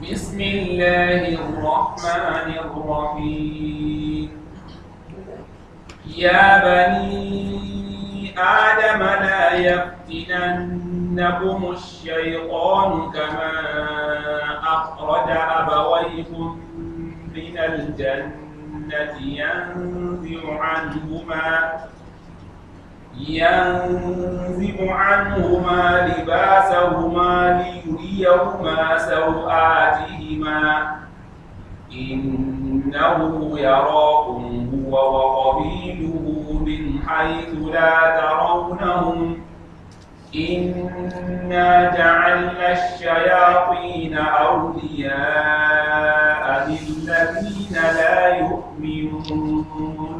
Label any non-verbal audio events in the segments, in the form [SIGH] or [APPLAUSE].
بسم الله الرحمن الرحيم يا بني آدم لا يفتننكم الشيطان كما أخرج أبويكم من الجنة ينزع عنهما ينزب عنهما لباسهما ليريهما سوآتهما إنه يراكم هو وقبيله من حيث لا ترونهم إنا جعلنا الشياطين أولياء للذين لا يؤمنون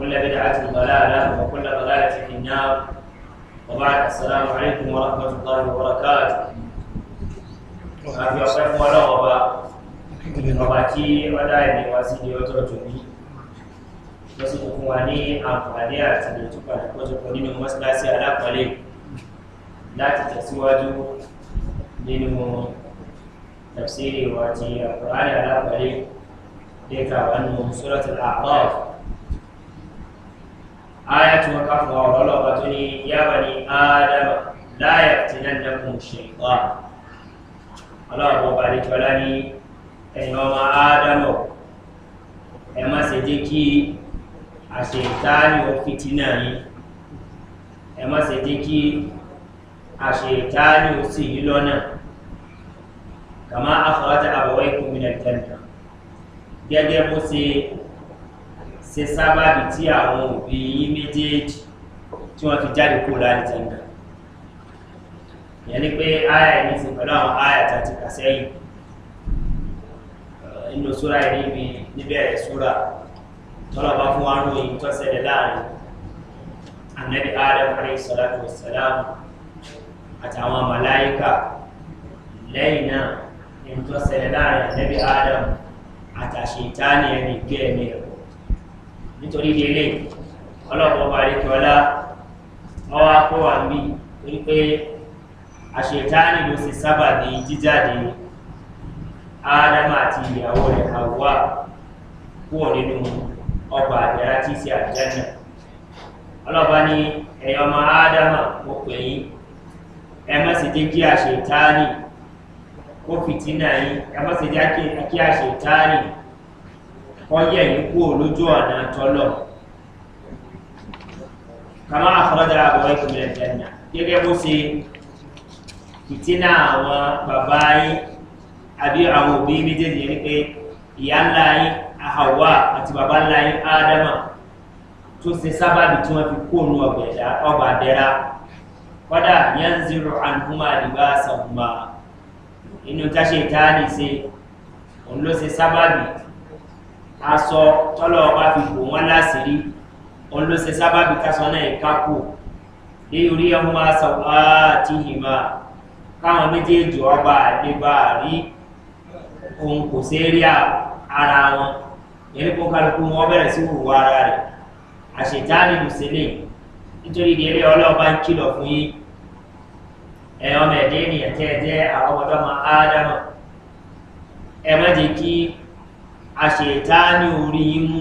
وكل بدعة ضلالة وكل ضلالة في النار وبعد السلام عليكم ورحمة الله وبركاته àfi ọ̀pẹ́ fún ọlọ́wọ́ bá ọba kí ọdá ẹ̀mí wá sí ní ọjọ́ ìjọbí ló sì fún wa ní àǹfààní àti ìtúpàdé kọjọpọ̀ nínú mọ́síláṣí alápọ̀lé láti tẹ̀síwájú nínú tafsiri wa ti àkùránì alápọ̀lé dẹ́ka wà nù sọ́rọ̀tì àkọ́ọ̀fù aya tí wọ́n ká fún wa ọ̀rọ̀ ọlọ́ọ̀bá tó ní yába ní ádámà láyà tí náà nẹ́kùn ṣèǹkà ọlọ́ọ̀bá ọba àdéjọ́lá ní ẹ̀yìn ọmọ ádámà ẹ má ṣe jẹ́ kí àṣetáni òfìtì náà ní ẹ má ṣe jẹ́ kí àṣetáni òsì yìí lọ́nà kàmá àfọwọ́tà àbọ̀wọ́ ikú mi gẹ́gẹ́ bó ṣe ṣe sábàbí tí àwọn òbí yín méjèèjì tí wọ́n fi jáde kó láti jẹ́ńdà ìyẹn ni pé aya yìí ti pẹ̀lú àwọn aya tá a ti kà sẹ́yìn nínú súra yìí níbi níbẹ̀rẹ̀ tọ́lọ̀ bá fún wa lóyún tó ṣẹlẹ̀ láàrin anabi adam alayhi salatu wa salam àtàwọn màláyíkà lẹ́yìn náà ní tó ṣẹlẹ̀ láàrin anabi adam àtàṣe ìtàní ẹni gẹ́ẹ̀mí nítorí délé ọlọ́pàá ọba àdékọ́lá wọ́n wá kó wà mí torí pé àṣetáni ló sì sábà ní jíjáde ádámà àti ìyàwó rẹ̀ àwọ̀ kúrò nínú ọgbà àdẹ́rà tí í ṣe àjẹ́nà ọlọ́ba ní ẹ̀yọ́ ọmọ ádámà mo pè yín ẹ má sì jẹ́ kí àṣetáni kó fìtínà yín ẹ má sì jẹ́ kí àṣetáni wọ́n yẹ̀ yín kúrò lójú ọ̀nà tọ́lọ̀ kàmá àfọ́jà àbọ̀wọ́ ìkùnlẹ̀ ìjẹ́nà gẹ́gẹ́ bó ṣe ìtínà àwọn bàbá yín àbí àwọn òbí méjèèjì yẹn ni pé ìyá ńlá yín àhàwà àti bàbá ńlá yín ádámà tó ṣe sábàbí tí wọ́n fi kóònù ọ̀gbẹ̀dá ọgbà dẹ́ra kọ́dà yẹn ń zero àdúgbò àdìgbà àṣàkùnmá inú táṣe ìtaáni ṣe òun ló ṣe sábàbí aṣọ tọ́lọ̀ ọba fi bò wọ́n láṣìírí òun ló ṣe sábàbí kásán náà ìkákò lé orí ẹ̀hún aṣọ àti ìhìmá káwọn méjèèjì ọba àdébà rí òun kò ṣe rí ara wọn yẹni kó kálukú wọn bẹ̀rẹ̀ sí wùwọ́ ara rẹ̀ àṣetáni lùsílẹ̀ nítorí ìdílé ọlọ́ọ̀bá ń kìlọ̀ fún yín ẹ̀ ọmọ ẹ̀dẹ́ ènìyàn tẹ́ ẹ jẹ́ àwọn ọmọdé ọmọ ádámọ̀ ẹ má jẹ́ kí àṣetáni orí yín mú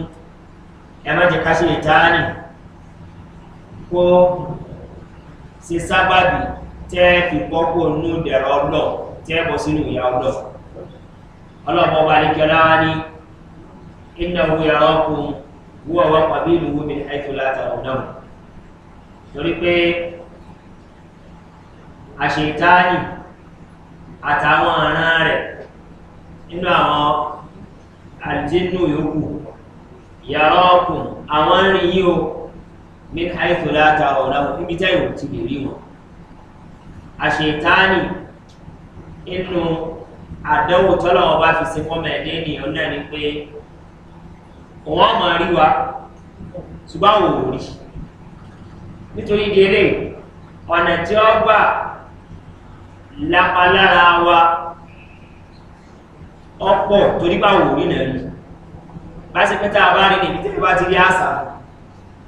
ẹ má jẹ́ ká ṣetáni kó ṣe sábàbí tẹ́ fi pọ́pọ̀ nú dẹ̀rọ ọlọ́ tẹ́ bọ́ sínú ìyá ọlọ́ ọlọ́pọ̀ bá ní kẹlá ní iná owó yàrá ọkùnrin wúwọ́ wọ́n pàbí ìlú wúmi ẹ̀tọ́ látàrún náà àjínú yòókù yàrá ọkùn àwọn rìn yí o ní àìsàn láta ọ̀la níbi tẹ́ ìwò ti lè rí wọn àṣetáni inú àdánwò tọ́lọ̀ ọba fi se fọ́mọ ẹ̀dẹ́ ènìyàn náà ni pé wọ́n mọ̀ rí wa ṣùgbọ́n wò rí nítorí délé ọ̀nà tí ó gbà lápalára wa ọ̀pọ̀ torí bá wò rí náà rí bá ṣe pẹ́ta bá rí níbi tí bá ti rí àṣà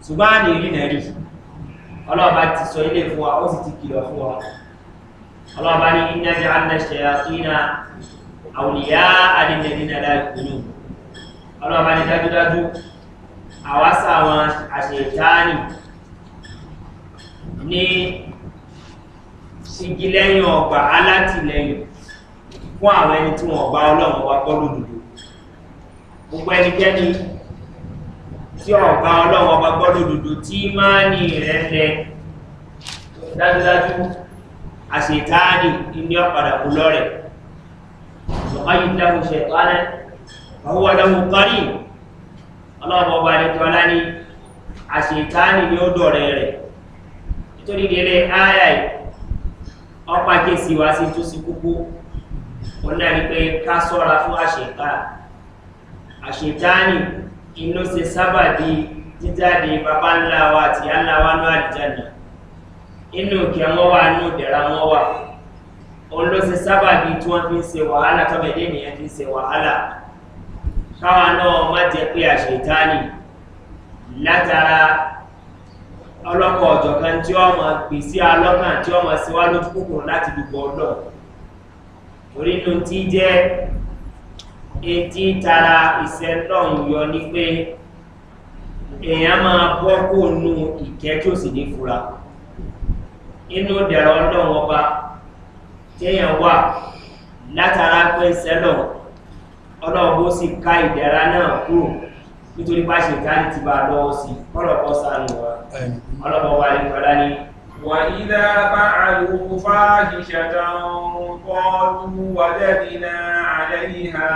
ṣùgbọ́n àní rí náà rí ọlọ́ọ̀bá ti sọ ilé fún wa ó sì ti kìlọ̀ fún wa ọlọ́ọ̀bá ní ìdájọ́ aláṣẹ àfihàn àwòlíyá àdínlẹ́dínlẹ́ fún àwọn ẹni tí wọ́n bá ọlọ́run wa gbọ́ lódodo gbogbo ẹnikẹ́ni tí ọ̀bá ọlọ́run ọba gbọ́ lódodo tí máa ní rẹ̀ lẹ dájúdájú àṣetáàdì ilé ọ̀padà kò lọ́rẹ̀ ọ̀pá yìí dáhùn ṣe ìpalẹ̀ ọwọ́ ọdọ́mù kọ́rí ọlọ́run ọba ní tọ́lá ní àṣetáàdì ní ó dọ̀rẹ́ rẹ̀ nítorí délé ááyà ọ̀pá kẹsì wá sí tó sí òun náà ni pé ká sọ́ra fún àṣetá àṣetáni inú ṣe sábà di jíjáde bàbá ńlá wa àti ńlá wa ní àdìjáde inú ìkẹ́ wọn wà inú ìdẹ̀ra wọn wà òun ló ṣe sábà di tí wọ́n fi ń ṣe wàhálà tọ́mẹ̀dé nìyẹn fi ń ṣe wàhálà káwa náà má jẹ́ pé àṣetáni látara ọlọ́kọ̀ ọ̀jọ̀kan tí ọmọ gbèsè alọ́kàn tí ọmọ síwájú kúkúrú láti dùbọ̀ ọlọ́run orí ló ti jẹ́ etí tara ìṣẹ́ náà yọ ní pé èèyàn máa bọ́ kó nu ìkẹ́ tí ó sì ní fura inú dẹ̀rọ ọlọ́run ọba téèyàn wà látara pé sẹ́lọ̀ ọlọ́run bó sì ká ìdẹ̀ra náà kúrò nítorí bá ṣe ìdáni ti bá lọ́wọ́ sí ọlọ́pọ̀ sánú wa ọlọ́pọ̀ wa ní kọ́lá ní. وإذا فعلوا فاحشة قالوا وجدنا عليها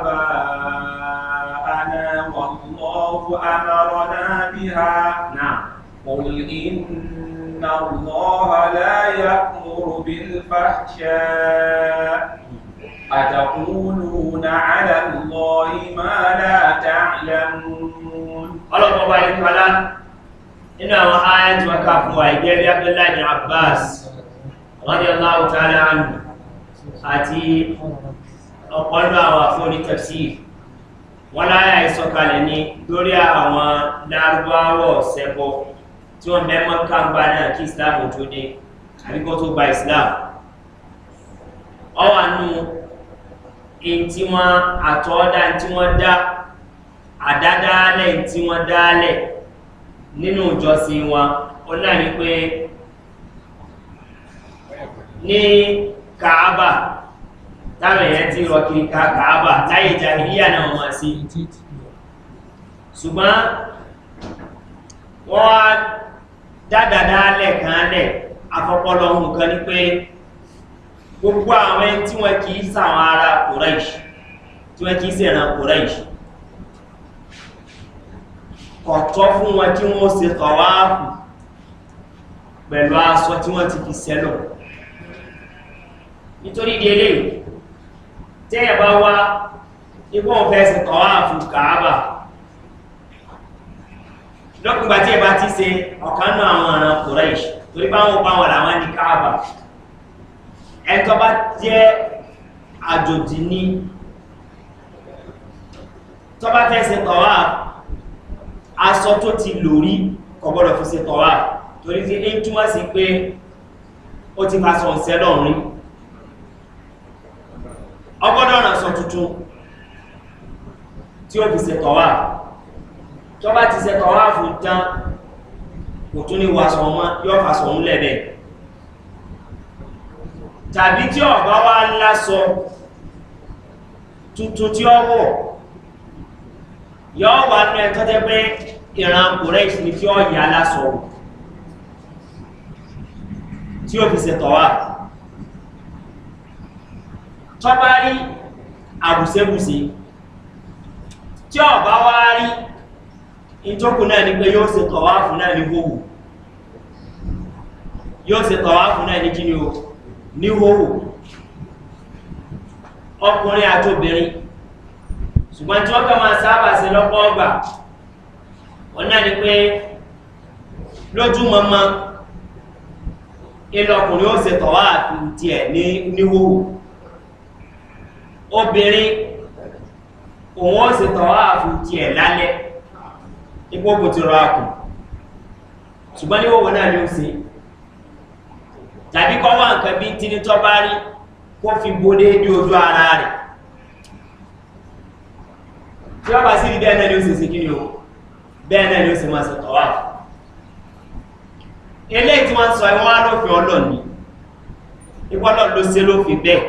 آباءنا والله أمرنا بها نعم قل إن الله لا يأمر بالفحشاء أتقولون على الله ما لا تعلمون. الله nínú àwọn ayé tí wọ́n ká fún wa ìgbẹ́ bí abdullahi bin abbas rọ́dí aláwọ̀ tààrà ànú àti ọ̀pọ̀lọ́ àwọn àfọ́rí tẹ̀sí wọ́n láyà ìsọ̀kalẹ̀ ní lórí àwọn lárúbáwọ̀ sẹ́bọ̀ tí wọ́n mẹ́mọ́ kàǹgbà náà kí islam tó dé àbíkọ́ tó gba islam ọwà nù in tí wọ́n àtọ́dá tí wọ́n dá àdádálẹ̀ tí wọ́n dálẹ̀ nínú ìjọsìn wa ó náà ní pé ní kaaba táwọn èèyàn ti rọ kiri ka kaaba láyé ìjà ìyá náà wọ́n sí ṣùgbọ́n wọ́n á dáadáa lẹ́ẹ̀kan lẹ̀ afọ́pọ́lọ́ nǹkan ní pé gbogbo àwọn tí wọ́n kìí sàwọn ara kòrẹ́ṣì tí wọ́n kìí sẹ̀ràn kòrẹ́ṣì kọ̀tọ́ fún wọn kí wọ́n se tọ̀wáàpù pẹ̀lú aṣọ tí wọ́n ti fi sẹ́lọ̀ nítorí délé tẹ́ ẹ̀ bá wá igbó ń fẹ́ se tọ̀wáàpù kàábà lọ́kùngbà tí ẹ bá ti se ọ̀kan náà àwọn ọ̀ràn kùrẹ́ṣì torí báwọn báwọn làwọn ní kàábà ẹ̀tọ́ bá jẹ́ àjòjì ní tọ́bá fẹ́ se tọ̀wáàpù aṣọ tó ti lórí kọ̀gbọ́dọ̀ fi ṣe tọ́wà torí tí ń túnmọ̀ sí pé ó ti fàṣọ ọ̀sẹ̀ lọ́rin ọgbọ́dọ̀ ránṣọ tuntun tí ó fi ṣe tọ́wà tó bá ti ṣe tọ́wà fún tán kò tún ní wàṣọ wọn yóò fàṣọ ń lẹ̀bẹ̀ tàbí tí ọ̀gá wa ńlá sọ tuntun tí ó wọ̀ yọ wà nù ẹ tọ́jẹ́ pé ìran kùrẹ́ ìsinmi tí ó yà lásọ̀rọ̀ tí ó fi ṣètọ̀ wà tọ́bá rí àbùsẹ́bùsẹ́ tí ọ̀bá wá rí ìjókòó náà ní pé yóò ṣètọ̀ wà fún náà ní gbogbo yóò se tọ̀wáfún náà ní kí ni o ní hóhù ọkùnrin àti obìnrin ṣùgbọ́n tí wọ́n kàn máa sábà ṣe lọ́pọ̀ ọgbà wọn náà ni pé lójúmọmọ ìlọkùnrin ó ṣe tọ̀wá tiẹ̀ ní níwòwò obìnrin òun ó ṣe tọ̀wá tiẹ̀ lálẹ́ ipò kò ti rọ àkùn ṣùgbọ́n níwòwò náà ni ó ṣe tàbí kọ́ wá nǹkan bí tínítọ́ bá rí kó fi bo déédéé ojú ara rẹ̀ tí wọ́n bá sí ibi bẹ́ẹ̀ náà ni ó sì sí kí ni o bẹ́ẹ̀ náà ni ó sì máa ṣe tọ́wà eléyìí tí wọ́n sọ ẹ̀ wọ́n á lófin ọlọ́ọ̀ni ìpọ́lọ̀ ló ṣe lófin bẹ́ẹ̀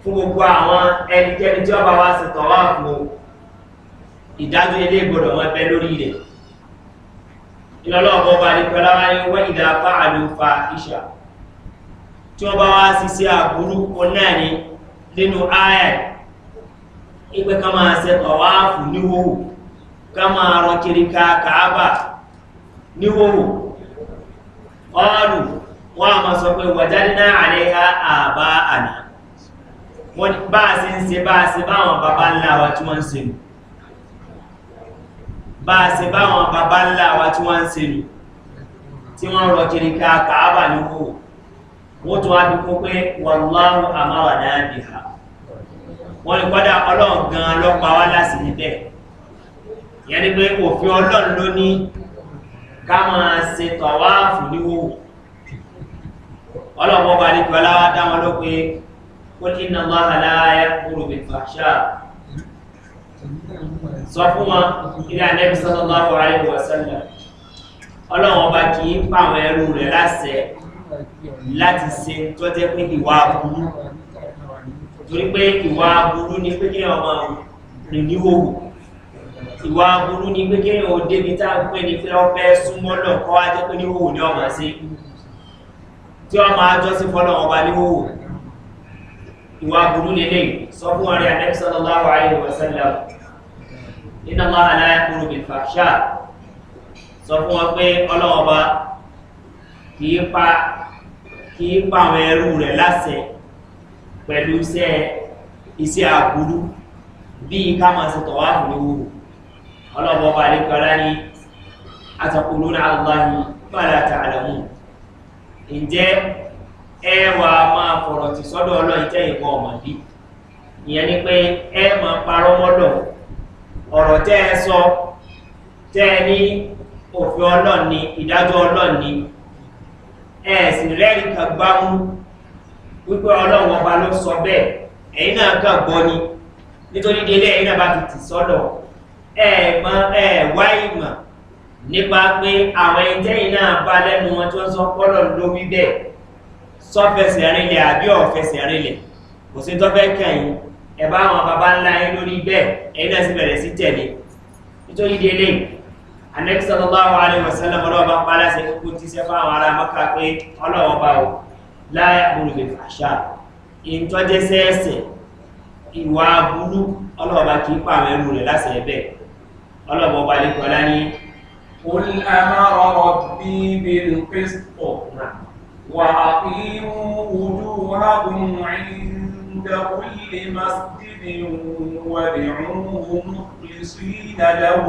fún gbogbo àwọn ẹnikẹ́ni tí wọ́n bá wá ṣe tọ́wà fún ìdájọ́ ilé ìgbọ̀dọ̀ wọn bẹ́ lórí rẹ̀ ìlọ́lọ́wọ́ bá ní pẹ́lá wá ní wọ́n ìdá bá àlùfà ìṣà tí wọ́n bá wá sí sí àbúrú onáà nínú ayẹ̀ ipe ká máa ṣe tọ̀wáàfù níwòwò ká máa rọ kiri ká kàábà níwòwò ọ̀rù wọ́n a máa sọ pé wàjáde náà àríhá àbá àná wọ́n bá a ṣe ń tí wọ́n ń ṣe nù bá a ṣe báwọn bàbá ńlá wa tí wọ́n ní kọ́dá ọlọ́run gan lọ pa wá láti níbẹ̀ ìyẹn ni pé òfin ọlọ́run ló ní ká máa ṣe tọ̀wá fìdíwòwò ọlọ́run ọba ní pẹ̀lú àwọn dáwọn ló pé ó ní iná máa hàlá ayá kúrò bí sọ fún wọn ilé anẹ́bí sọ́tọ̀ máa wọ ayé wọ sẹ́lẹ̀ ọlọ́run ọba kì í pàwọn ẹrú rẹ̀ láṣẹ láti ṣe tọ́jẹ́ pé ìwà burú torí pé ìwà burú ni pé kí ọmọ rìn ní òwò ìwà burú ni pé kí o débi tá a pè ní pé ọ fẹ́ súnmọ́ lọ kọ́ wá jẹ́ pé ní òwò ni ọmọ sí tí ọmọ ajọ́ sí fọ́lọ́ ọba ní òwò ìwà burú lélẹ̀ sọ fún ọrẹ anẹ́sọ́lọ́láwọ̀ ayé wọ̀sẹ́lẹ̀ nínú ọmọ aláyàkúrò bìfàṣà sọ fún wọn pé ọlọ́wọ́ bá kì í pa àwọn ẹrú rẹ̀ lásẹ̀ẹ́ pẹ̀lú iṣẹ́ iṣẹ́ àbúrú bíi káwọn ṣe tọ̀wá ìlú ọlọ́bọ̀ bá lè kọ́lá ní àtàkùnrin náà aláhi fàlà tààlàmù ǹjẹ́ ẹ wà máa fọ̀rọ̀ tì sọ́dọ̀ ọlọ́run tẹ́ ìbọn ọmọ ni pé ẹ máa parọ́ mọ́lọ̀ ọ̀rọ̀ tẹ́ ẹ sọ tẹ́ ẹ wípé ọlọ́wọ́ ọba ló sọ bẹ́ẹ̀ ẹ̀yìn náà kàn gbọ́ ni nítorí délé ẹ̀yìn náà bá ti tì sọ́dọ̀ ẹ̀ mọ ẹ̀ wá ìmọ̀ nípa pé àwọn ẹni tẹ́yìn náà bá lẹ́nu wọn tí wọ́n sọ pọ́lọ̀ ló wí bẹ́ẹ̀ sọ́fẹsẹ̀ rinlẹ̀ àbí ọ̀fẹsẹ̀ rinlẹ̀ kò sí tọ́fẹ́ kẹ́yìn ẹ bá àwọn baba ńlá yín lórí bẹ́ẹ̀ ẹ̀yìn náà sì bẹ̀rẹ̀ sí tẹ̀lé nítorí délé anẹ́kísọ́lọ́lá wa alẹ́ wọ̀sán lọ́mọdé ọba pa aláṣẹ kókó bá wọ̀ láyà orúkẹ fàṣà ìtọ́jẹ́ sẹ́ẹ̀sẹ̀ ìwà burú ọlọ́ọ̀bá kì í pààmọ́ ẹrù rẹ̀ láṣẹ ẹ̀bẹ̀ ọlọ́ọ̀bá ọba lè kọ́lá ní. قل أمر ربي بالقسط وأقيموا وجوهكم عند كل مسجد وادعوه مخلصين له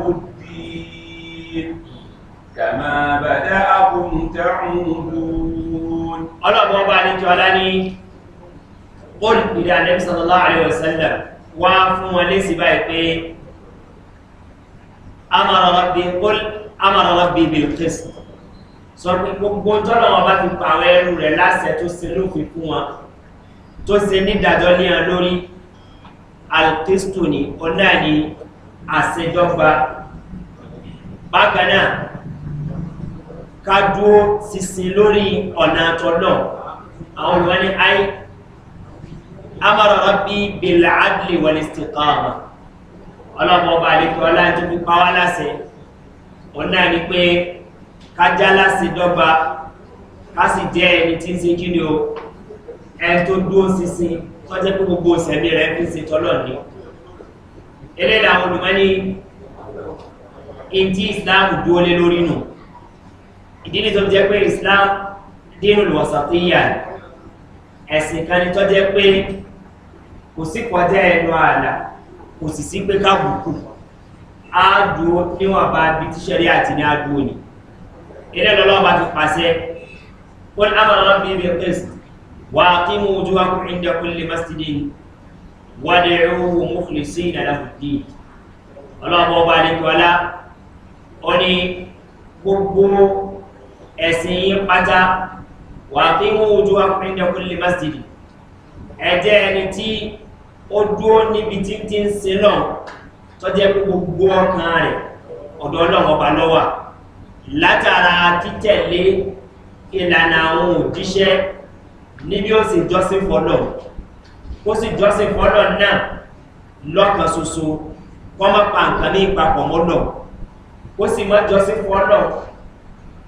kàmà bàdá àkùntàrùn-ún ọlọ́gbọ́n bá ní jọlá ní qul ìdá Ànábì sallallahu alaihi wasallam wá fún wọn lé sí báyìí pé amara rabbi qul amara rabbi bil qist sọ pé gbogbo tọ́lọ̀ wọn bá ti pàwọ́ ẹrù rẹ̀ láṣẹ tó ṣe lófin fún wọn tó ṣe nídàjọ́ ní wọn lórí alkistu ni ọ̀nà ni àṣẹjọba bákan ká dúó sísin lórí ọ̀nà àtọ̀nà àwọn olùwọ́n ní ayé amọ̀rọ̀rọ̀ bí bèlà adìlè wọlé sí kọ́ọ̀mà ọlọ́mọ ọba àlekè ọlá tó fi pa wá láṣẹ ni pé ká já láṣẹ dọ́gba ká sì jẹ́ ẹni tí ń ṣe kí ni o ẹni tó dúó sísin tọ́jẹ́ pé gbogbo ìṣẹ̀mí rẹ̀ fi ń ṣe tọ́lọ̀ ni eléyìí àwọn olùmọ́ ní ìdí ìsìláàmù dúó lé lórí nù. No ìdí ni tó jẹ́ pé islam dínú lùwọ̀sàtíyà ẹ̀sìn kan ni tó jẹ́ pé kò sí kọjá ẹnu ààlà kò sì sí pé kábùkù áàdùó níwọ̀n bá bí tíṣẹ́rí àti ní áàdùó ni ilé lọ́lọ́wọ́ bá ti pàṣẹ kún amọ̀rọ̀ gbogbo ẹ̀sìn yín pátá wà kí wọ́n ojú akúrindẹ̀kún lè má sí ẹjẹ́ ẹni tí ó dúó níbi tí tí ń se lọ́n tó jẹ́ gbogbo ọkàn rẹ̀ ọ̀dọ̀ ọlọ́run ọba lọ́wà látara títẹ̀lé ìlànà àwọn òjíṣẹ́ níbi ó sì jọ́sìn fọ́lọ̀ ó sì jọ́sìn fọ́lọ̀ náà lọ́kàn ṣoṣo kọ́ mọ́ pa nǹkan ní ìpapọ̀ mọ́lọ̀ ó sì mọ́ jọ́sìn fọ́lọ̀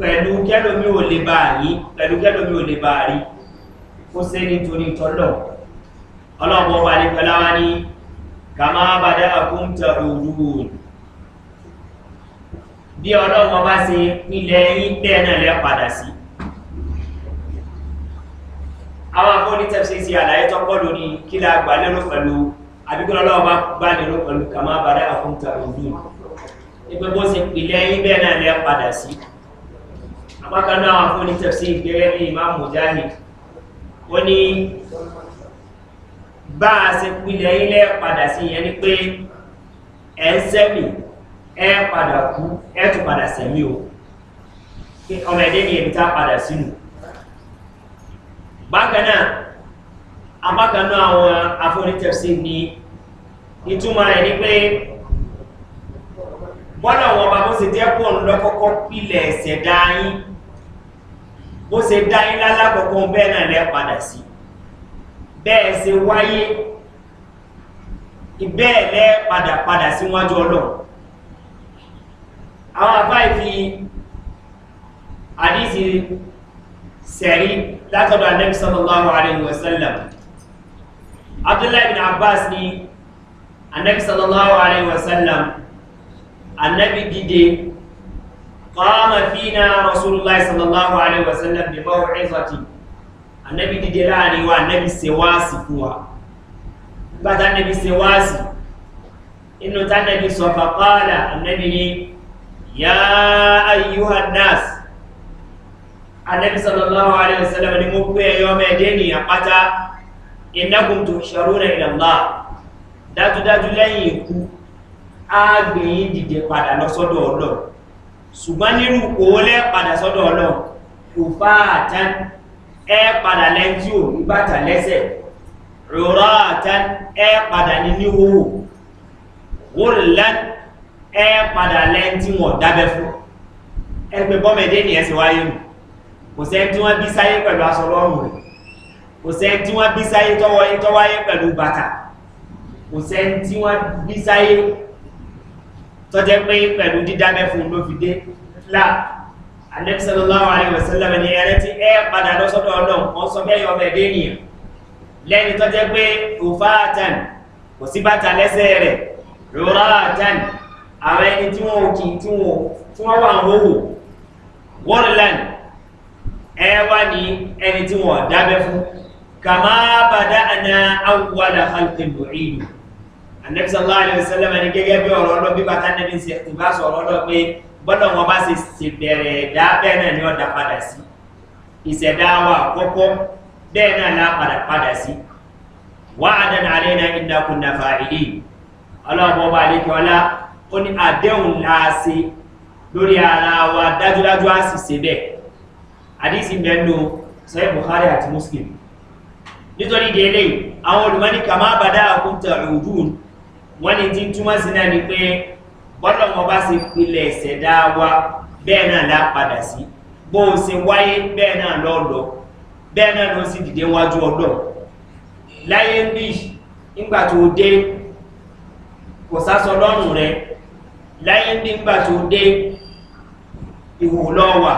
pẹ̀lú kẹ́lómi ò lè bá yí pẹ̀lú kẹ́lómi ò lè bá rí kó sé nítorí tọ́lọ̀ ọlọ́pọ̀ wà ní pẹ̀láwá ní kàmá bàdá àkóńtà òdúwò bí ọlọ́pọ̀ bá se ilẹ̀ yín bẹ́ẹ̀ náà lẹ́ padà sí àwọn afọ́ní tẹ́fẹ́ sí àlàyé tọ́pọ̀ lórí kí la gbà lérò pẹ̀lú àbíkúrò ọlọ́wọ́ bá gbà pẹ̀lú kàmá bàdá àkóńtà òdúwò ìpẹ́ bó se náà lẹ́ padà sí bákan náà fún ní tafsir gẹ́gẹ́ bí imam mujahid ó ní bá a ṣe pilẹ̀ ilẹ̀ padà sí ìyẹn ni pé ẹ̀ ń sẹ́mì ẹ̀ padà kú ẹ̀ tún padà sẹ́mì o ọmọ ẹ̀dẹ́ ni ẹ̀mí tá padà sínú bákan náà àwọn afọ́nitẹ̀sí ni ìtumọ̀ rẹ̀ ni pé bọ́lá wọn bá bó ṣe jẹ́ pọ̀ ńlọ́kọ́kọ́ pilẹ̀ ẹ̀sẹ̀ dáa yín bó ṣe dá yín lálákọ̀ọ́kọ́ bẹ́ẹ̀ náà lẹ́ padà sí bẹ́ẹ̀ ṣe wáyé bẹ́ẹ̀ lẹ́ padà padà síwájú ọlọ́run àwọn àbáyé fi àdízi sẹ̀rí látọ̀dọ̀ anẹ́bí sallallahu alayhi wa sallam abdullahi bin abbas ni anẹ́bí sallallahu alayhi anẹ́bí dìde قام فينا رسول الله صلى الله عليه وسلم بموعظة النبي ديدي láàrin wa النبي سواسي fún wa nígbà tá nàbí ṣe wáàsì inú tá nàbí sọ fàkọ́ọ̀lá ànàbí ni yá ayyúhà nas ànàbí sallallahu alaihi wasallam ni mo pé ẹyọ mẹ́ẹ̀dẹ́ ni àpáta ìnákùn tó ṣàrú rẹ̀ ìlànà dájúdájú lẹ́yìn ikú á gbìyìn dìde padà lọ́sọ́dọ̀ ọlọ́run ṣùgbọ́n nírú òólẹ́ padà sọ́dọ̀ ọlọ́run kò fà àtán ẹ padà lẹ́jí ò ní bàtà lẹ́sẹ̀ rọ̀rọ̀ àtán ẹ padà ní níhòhò wòrìlán ẹ padà lẹ́ntí wọn dábẹ́ fún ẹgbẹ́ bọ́mẹ̀dé ni ẹsẹ̀ wáyé nù kò sẹ́ tí wọ́n bí sáyé pẹ̀lú aṣọ lọ́rùn rẹ̀ kò sẹ́ tí wọ́n bí sáyé tọ́wáyé pẹ̀lú bàtà kò sẹ́ tí wọ́n bí tọ́jẹ́ pé pẹ̀lú dídábẹ́ fún ló fi dé lá anẹ́bísọ́lọ́wọ́ àríwẹ̀sẹ́lẹ̀ ní ẹrẹ́ tí ẹ padà lọ́sọ́dọ̀ ọlọ́run kan sọ bẹ́ẹ̀ yọ bẹ́ẹ̀ dénìyàn lẹ́ni tọ́jẹ́ pé òfáàtàn kò sí bàtà lẹ́sẹ̀ rẹ̀ rọ́ràtàn àwọn ẹni tí wọ́n kì í tí wọ́n tí wọ́n wà ń hòhò wọ́nlán ẹ wá ní ẹni tí wọ́n dábẹ́ fún kàmáàbàdà àná àwùwádà halkẹ́ lórí ìlú anabi sallallahu alayhi wa sallam ni gẹ́gẹ́ bí ọ̀rọ̀ ọlọ́ bí bàtà nẹ́bí ṣe ti bá sọ ọ̀rọ̀ ọlọ́ pé gbọ́dọ̀ wọn bá ṣe ṣe bẹ̀rẹ̀ ẹ̀dá bẹ́ẹ̀ náà ni ọ̀dà padà sí ìṣẹ̀dá wa àkọ́kọ́ bẹ́ẹ̀ náà lá padà padà sí wà á dáná alẹ́ náà ìdákun náà fà ìdí ọlọ́ọ̀bọ̀ bá lè kí ọlá ó ní àdéhùn láàṣe lórí ara wa dájúdájú á sì ṣe bẹ́ẹ̀ àdísì mẹ́nu sọ́yẹ́ buhari àti muslim nítorí délé àwọn olùmọ́ni kàmá bàdá àkúntà òdùn wọ́n ní tí túmọ̀ sí náà ni pé bọ́lọ̀ wọn bá ṣe pilẹ̀ ẹ̀sẹ̀ dá wa bẹ́ẹ̀ náà lá padà sí bó o ṣe wáyé bẹ́ẹ̀ náà lọ lọ bẹ́ẹ̀ náà ló sì dìde wájú ọlọ́ láyé ń bì nígbà tó dé kò sásọ lọ́rùn rẹ láyé ń bì nígbà tó dé ìwò lọ́wà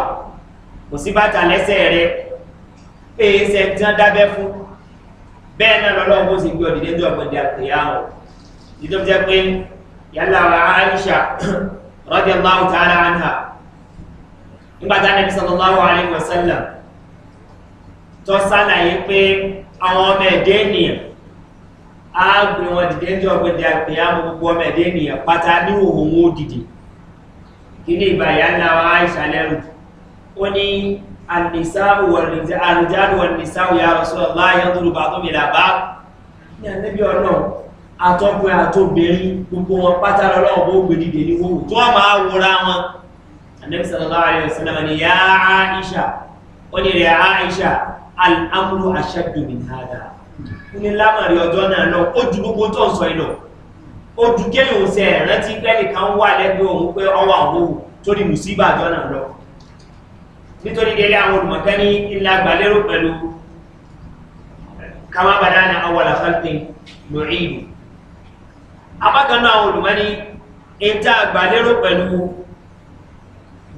kò sí bàtà lẹ́sẹ̀ rẹ pé ẹsẹ̀ tí wọ́n dábẹ́ fún bẹ́ẹ̀ náà lọ́lọ́wọ́ sì gbé ọ̀dìdẹ́jọ́ ọ̀gbọ̀dẹ̀ àpèyà ọ̀hún nítorí jẹ́ pé yálà aisha rọ́dí allahu ta'ala anha nígbàtá nàbí sallallahu alayhi wa sallam tó sálàyé pé àwọn ọmọ ẹ̀dẹ́ ènìyàn á gbé wọn dìde ń jọ ọgbẹ́dẹ àgbẹ̀ á mú gbogbo ọmọ ẹ̀dẹ́ ènìyàn pátá ní òhun ó dìde kí ní ìgbà yálà aisha lẹ́rù ó ní annisahu wal rijalu wan nisahu ya rasulullah yanzuru ba'dhum ila ba'd ni annabi ọlọ́run àtọ́gbẹ́ àtọ́bẹ̀rin gbogbo wọn pátá lọ́wọ́ bó gbé dìde ní wọ́wọ́ tó wọ́n máa wòrá wọn anẹ́bísàlọ́lá rẹ̀ sínáwà ni yá àìṣà ó ní rẹ̀ àìṣà al'amuru aṣẹ́dùnmìn hada ní lámàrí ọjọ́ náà lọ ó ju gbogbo tó ń nítorí délé àwọn olùmọ̀kẹ́ ní ilá gbàlérò pẹ̀lú kama badana awala falpin lórí ìlú apákanú àwọn olùmọ́ni ìta àgbàlérò pẹ̀lú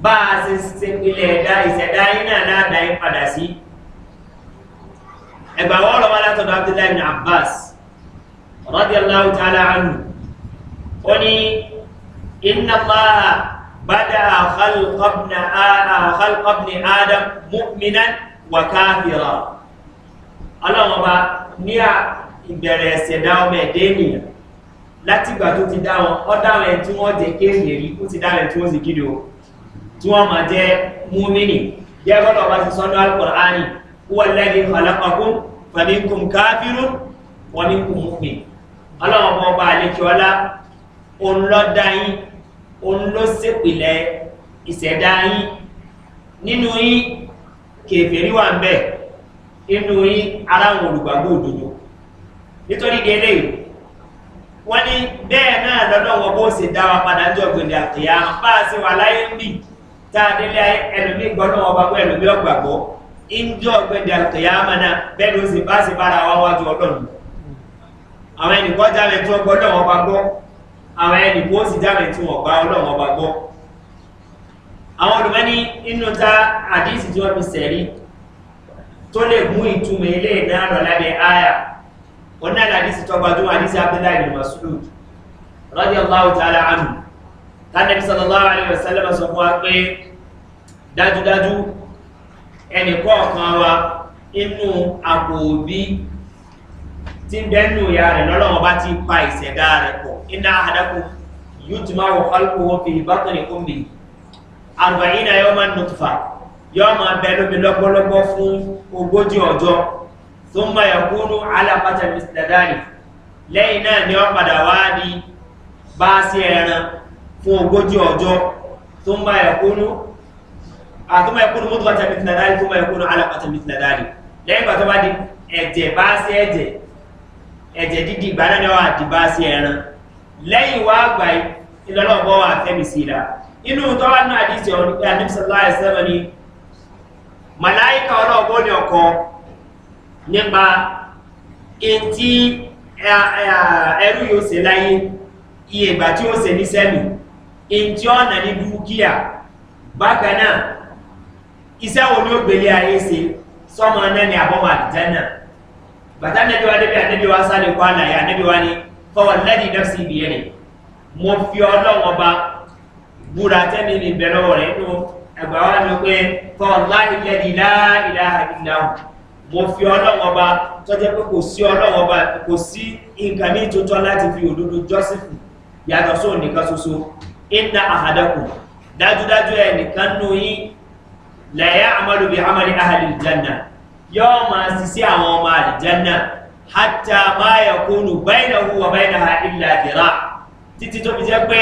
bá a ṣe ṣe ilẹ̀ ẹ̀dá ìṣẹ̀dá iná láàdá yín padà sí ẹgbà wọ́n rọ̀ wá látọ̀dọ̀ abdullahi ibn abbas rọ́dí aláwọ̀ tá a láàánú ó ní iná máa bada àkàlùkọ́bìnì adam mu'minan wa káfíra ọlọ́wọ́n bá ní ìbẹ̀rẹ̀ ẹ̀ṣẹ̀dá ọmọ ẹ̀dẹ́ ènìyàn látìgbà tó ti dá wọn ọ̀dàlẹ̀ tí wọ́n jẹ kéèyèrí ó ti dálẹ̀ tí wọ́n sì gidi o tí wọ́n máa jẹ́ múmínì jẹ́ gbọ́dọ̀ bá ti sọ́nà alukọ̀rání wọ́n lẹ́yìn ọ̀làpàkún fàmíkùn káfírún wọ́n ní kùn múmi ọlọ́run bọ́ bá àlejò ọlá òun lọ dá yín òun ló sèpìlẹ̀ ìṣẹ̀dá yín nínú yín kèfèrí wà ń bẹ̀ nínú yín aráwọn olùgbàgbọ́ òdodo nítorí délé yìí wọ́n ní bẹ́ẹ̀ náà lọ́nà wọ́n bó ṣe dá wa padà jọ gbèdè àkìyà bá a ṣe wà láyé ń bì tá a délé ẹlòmí gbọ́dọ̀ wọn bá gbọ́ ẹlòmí ọgbàgbọ́ ń jọ gbèdè àkìyà mọ́nà bẹ́ẹ̀ ló ṣe bá ṣe bára wa wájú ọlọ́run àwọn ẹnìkan jáde tí wọ́n gbọ́dọ̀ wọn bá gbọ́ àwọn ẹnìkan ó sì jáde tí wọ́n ọlọ́run bá gbọ́ àwọn olùmọ́ni inú ta àdísì tí wọ́n tó lè mú ìtumọ̀ ilé ìdáná lábẹ́ áyà wọ́n náà àdísì tó gbajúmọ̀ àdísì abdullahi bin masud rọ́dí allahu ta'ala anu tánàbí sallallahu alayhi wa sallam sọ fún wa pé dájúdájú ẹnì kọ̀ọ̀kan wa inú àpò òbí tí ń bẹ́nu ìyá rẹ̀ lọ́lọ́wọ́ bá ti pa ìṣẹ̀dá rẹ̀ pọ̀ iná àdákù yóò ti máa fi ìbátan ìkún mi àrùbáyìn náà yóò máa nùtùfà yóò máa fún ogójì ọjọ́ tó ń báyà kúrú alápàtà mìsìlẹ̀dáàlì lẹ́yìn náà ni wọ́n padà wá ní bá sí ẹran fún ogójì ọjọ́ tó ń báyà kúrú àtúmọ̀ ẹkúrú mọ́tò pàtà mìsìlẹ̀dáàlì tó ń báyà kúrú alápàtà mìsìlẹ̀dáàlì lẹ́yìn pàtó bá di ẹ̀jẹ̀ bá sí ẹ̀jẹ̀ ẹ̀jẹ̀ dídì ìgbà náà ni wọ́n àti bá sí ẹran lẹ́yìn wá àgbà ìlọ́lọ́gbọ́ wà fẹ́mi sí ìlà inú tọ́wà náà àdíjẹ́ ọ̀nà àdíjẹ́ sọ́lá ẹ̀sẹ́mẹ́ ni màláíkà nípa ntí ẹrú yóò ṣe láyé iye ìgbà tí ó ṣe ní sẹ́mì ntí ọ̀nà ní dúkìá bákan náà iṣẹ́ wo ni ó gbélé ayé ṣe sọ́mọ náà ni àbọ̀mọ̀ àdìjẹ́ náà bàtà nẹ́bí wa débi ànẹ́bí wa sáré kọ́ àlàyé ànẹ́bí wa ni fọwọ́ lẹ́dí dọ́sí ibi ẹ̀rẹ̀ mo fi ọlọ́wọ́ ba búra tẹ́mi ní bẹ̀rẹ̀ wọ̀rẹ́ nínú ẹgbàá wa ni pé fọwọ́ láì lẹ́dí láì láì láì láì mo fi ọlọ́wọ́ bá tọ́jẹ́ pé kò sí ọlọ́wọ́ bá kò sí nǹkan ní ìtòtọ́ láti fi òdodo jọ́sìfù yàtọ̀ sóò nìkan ṣoṣo iná àhàdẹ́kù dájúdájú ẹ̀ nìkan nù yín lẹ́yà amálùbí amálì ahàlì ìjánà yóò máa ṣiṣẹ́ àwọn ọmọ àlìjánà hátà máa yẹ kónú báyìí wà ha ilẹ̀ àdìrà títí tó fi jẹ́ pé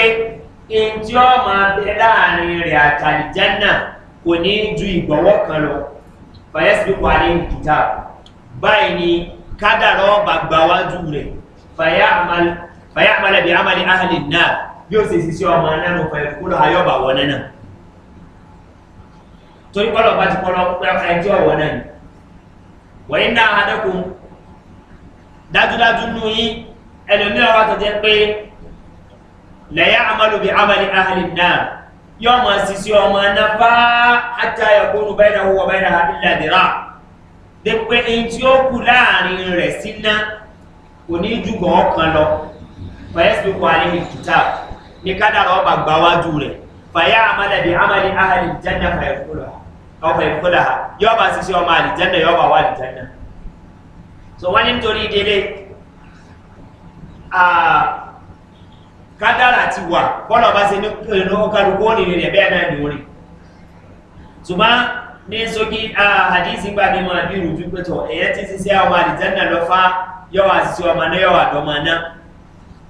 ǹjẹ́ máa bẹ láàrin rẹ̀ àtàlìjánà kò ní ju ìgbọ̀wọ́ kan lọ fàyẹ́sìbíkù alẹ́ ìjà báyìí ni kádàrọ́ ọba gbàwájú rẹ̀ fàyàmàlẹ̀ bí amàlẹ̀ ahàlì náà bí ó sì sí sí ọmọ náà fàyẹ̀kúrò ayọ́bà wọ náà torí pọ́lọ̀ bá ti pọ́lọ̀ ẹjọ́ wọ náà wọ̀nyí yọ ọmọ sisi ọmọ anáfà ajá ẹ̀kọ́nù bẹ́ẹ̀ náà wọ bẹ́ẹ̀ náà ìlàdìrà dẹ́pẹ́ ẹni tí ó kù láàrin rẹ̀ sí ná kò ní ju gbọ̀n kan lọ fàyẹ́sìlùkọ́ alẹ́ ìkìtà ní kádàrà ọba gbáwájú rẹ̀ fàyà àmàlẹ̀bí àmàlẹ̀ ahàlì jẹ́nà fàyẹ̀kọ́lá yọba sisi ọmọ àlìjẹ́nà yọba wà àlìjẹ́nà so wọ́n ní nítorí ìdílé kádàrà ti wà bọ́lá ọba ṣe ní ọkàlùkù ó nìrìn rẹ̀ bẹ́ẹ̀ náà ni orin ṣùgbọ́n ní sókí àdísí gbà ní máa bí rùjú pẹ̀tọ̀ ẹ̀yẹ tí ṣiṣẹ́ ọmọ àdìjẹ́nà lọ fá yọ́wà ṣiṣẹ́ ọmọ náà yọ́wà dọ́mọ náà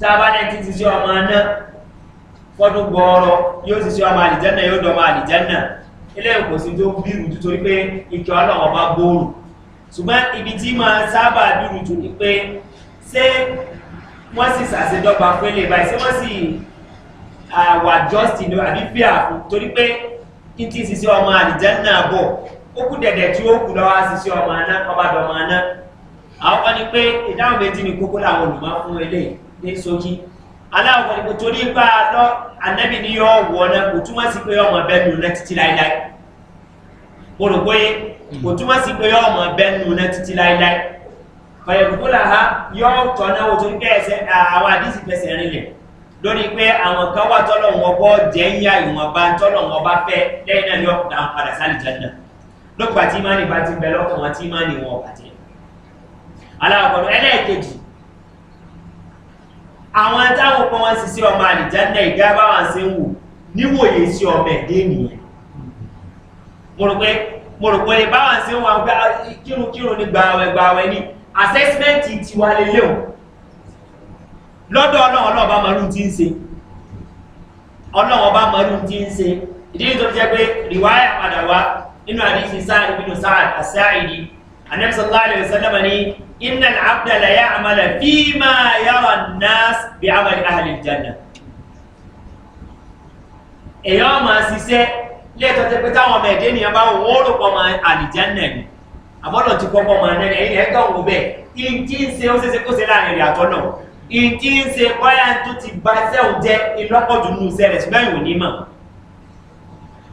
tá a bá ní ti ṣiṣẹ́ ọmọ náà fọ́dún gbọ́ọ̀rọ̀ yóò ṣiṣẹ́ ọmọ àdìjẹ́nà yóò dọ́mọ àdìjẹ́nà ilé ìkò wọ́n sì ṣàṣedọ́gba pé lè báyìí sí wọ́n sì àwà just ní àbí bí àfún torí pé kí tí ṣiṣẹ́ ọmọ àdìjẹ́ náà bọ̀ ó kú dẹ̀dẹ̀ tí ó kù lọ́wọ́ ṣiṣẹ́ ọmọ aná ọba dọ̀mọ aná àwọn ni pé ìdáhùn méjì ni kókó làwọn olùmọ́ fún eléyìí ní sókí aláwọ̀ ni kò torí pa lọ anẹ́bí ni yọ wọ̀ náà kò túmọ̀ sí pé ọmọ bẹ́ẹ̀ nù náà títí láíláí mo rò pé kò hmm. túmọ̀ sí pé ọmọ bẹ́ẹ̀ nù náà títí láíláí fàyẹ̀kúkúlàhá yóò tọ̀nà òtún kẹ́ẹ̀sẹ̀ àwọn àdísì fẹsẹ̀ rinlẹ̀ lórí pé àwọn kan wà tọ́lọ̀ wọn bọ́ jẹ́ ń yá ìwọ̀nba tọ́lọ̀ wọn bá fẹ́ lẹ́yìn náà yóò dá padà sálì jẹ́nà lópa tí máa ní bá ti bẹ lọ́kàn wọn tí máa ní wọn bàjẹ́ alákọ̀ọ́dọ̀ ẹlẹ́ẹ̀kejì àwọn táwọn pọ́n wọn sì sí ọmọ àlìjẹ́nà ìgá bá wọn sí ń wò níwòye sí ọmọ ẹ̀dẹ́ nìyẹn mo rò pé báwọn sí wọn gbá ah, kírun kírun ní gbàwẹ̀ gbàwẹ̀ ní assessment ti wà lélẹ̀ o lọ́dọ̀ ọlọ́run ọlọ́run bá mọ̀lú tí ń se ọlọ́run bá mọ̀lú tí ń se ìdí tó jẹ́ pé rìwáyà padà wá nínú àdíṣe sáà nínú sáà àsáàìdí anẹ́bísọ̀lá àlẹ́ sọ́lọ́mọ ní iná àbdàlà yá àmàlà fí máa yára náà bí àmàlì àhàlì jàndà èèyàn máa ṣiṣẹ́ lẹ́ẹ̀tọ́ jẹ́ táwọn ọmọ ẹ̀dẹ́ nìyẹn bá wọ́n pọ̀ máa àlìjàndà ni àmọ́lọ̀ ti kọ́kọ́ mọ̀ ẹ̀nẹ́ni ẹ̀yìn ẹ̀gá òun bẹ́ẹ̀ in tí ń se ó ṣe ṣe kó ṣe láàrin ìrìn àtọ́ náà in tí ń se báyà tó ti gba sẹ́hùn jẹ́ ìlọ́pọ̀jù nù sẹ́rẹ̀ ṣùgbọ́n ìwò ní mọ̀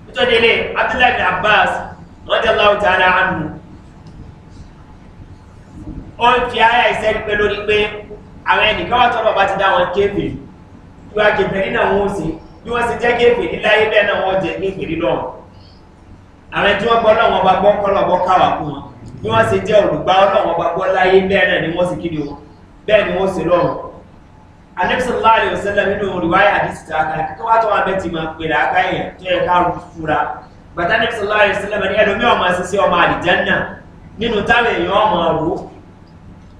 nítorí ilé abdullahi bin abbas rọ́jà láwù tí ara hàn mú ó fi ara ìṣẹ́ pé lórí pé àwọn ẹnìkan wà tó bàbá ti dá wọn kéfè ìwà kéfè nínú àwọn òsè bí wọ́n ṣe jẹ́ kéfè níláyé bẹ́ẹ̀ náà wọ́n jẹ́ kéfè nílọ́ọ̀ àwọn ẹni tí wọ́n gbọ́ náà wọ́n bá gbọ́ kọ́ lọ́bọ́ káwà kú wọn bí wọ́n ṣe jẹ́ olùgbà ọlọ́run ọba láyé bẹ́ẹ̀ ni wọ́n sì kíni o bẹ́ẹ̀ ni wọ́n sì lọ́rùn anẹ́bísọ̀lá àlè òṣèlú nínú olùwáyà àdìsí ta ká kíkọ́ wá tó wọn bẹ́ẹ̀ ti máa pèrè aká yẹn tó yẹ ká fura bàtà anẹ́bísọ̀lá àlè òṣèlú ní ẹlòmí ọmọ àṣìṣe ọmọ àdìjánná nínú táwọn èèyàn ọmọ rò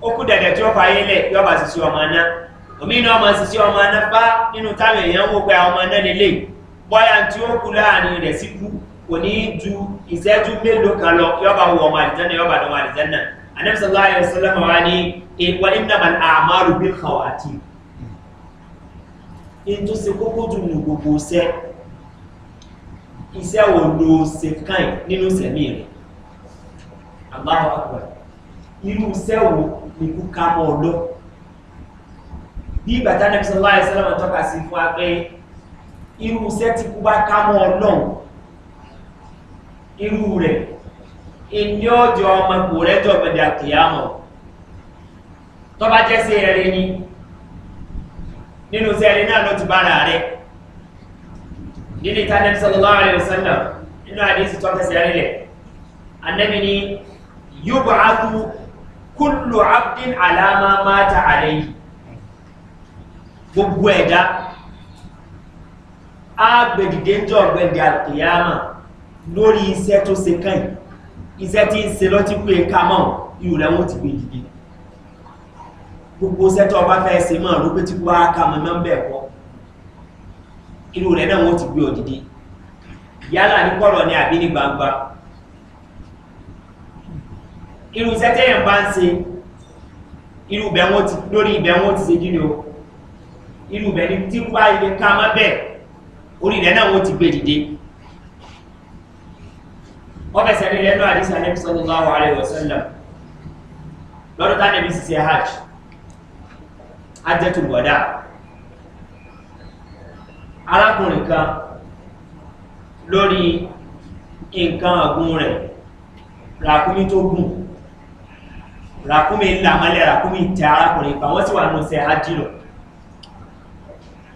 ó kú dẹ̀dẹ̀ tí ó fa ayé lẹ̀ yọba àṣìṣe ọmọ aná omi ju ìṣẹ́jú mélòó kan lọ yọba wọ ọmọ àdìjánà yọba àdọmọ àdìjánà anẹ́bísọ̀lá ayọ̀ sọ́lọ́mọ̀ wa ní ìwà ìnàmà àmàrù bí kàwà àti in tó se kókó jù nù gbogbo iṣẹ́ iṣẹ́ wo ló se kàn nínú sẹ̀mí rẹ̀ àbáwọ̀ àpọ̀ irú iṣẹ́ wo ni kú ká mọ́ ọ lọ bí ìgbà tánẹ́bísọ̀lá ayọ̀ sọ́lọ́mọ̀ tọ́ka sí fún wa pé irú iṣẹ́ tí kú bá ká mọ́ ọ irú rẹ̀ ìní ọjọ́ ọmọ ipò rẹ̀ jọ gbẹ̀dẹ̀ àkèyàmọ̀ tó bá jẹ́ sí ẹ̀rẹ́ ni nínú sí ẹ̀rẹ́ náà ló ti bára rẹ̀ nínú ìtànẹ́ sọlọ́lá rẹ̀ sọ́nà nínú àdísì tó tẹ̀sẹ̀ rẹ̀ annabi ni yóò bọ̀ ákú kúlù abdín àlámá máta àlẹ́ yìí gbogbo ẹ̀dá á gbèdìdé gbẹ̀dẹ̀ àkèyàmọ̀ lórí iṣẹ́ tó se kàn iṣẹ́ tí ń se lọ́tí pé ká mọ̀ ihò lẹ́wọ́n ti gbé dìde gbogbo iṣẹ́ tó ọba fẹ́ se mọ̀ ló pé tí wá ká mọ̀ mọ́ bẹ̀ kọ́ ihò rẹ̀ náà wọ́n ti gbé ọ̀dìde yálà ní kọ̀rọ̀ ni àbí ní gbangba irú iṣẹ́ tẹ́yẹ̀ bá ń se irú ibẹ̀ wọ́n ti lórí ibẹ̀ wọ́n ti se kí ni o irú ibẹ̀ ni tí wá ilé ká mọ́ bẹ̀ orí rẹ̀ náà wọ́n ti gbé dìde wọ́n fẹsẹ̀ rí lẹ́nu àdísà ní sọ́lọ́láwọ̀ àríwọ̀sẹ́lẹ̀ lọ́dún tánà bí sísẹ hajj ajẹ́tù gbọ́dá arákùnrin kan lórí nǹkan ọ̀gùn rẹ̀ ràkúmí tó gùn ràkúmí làmọ́lẹ̀ ràkúmí tẹ arákùnrin kan wọ́n wà nù sẹ hajj lọ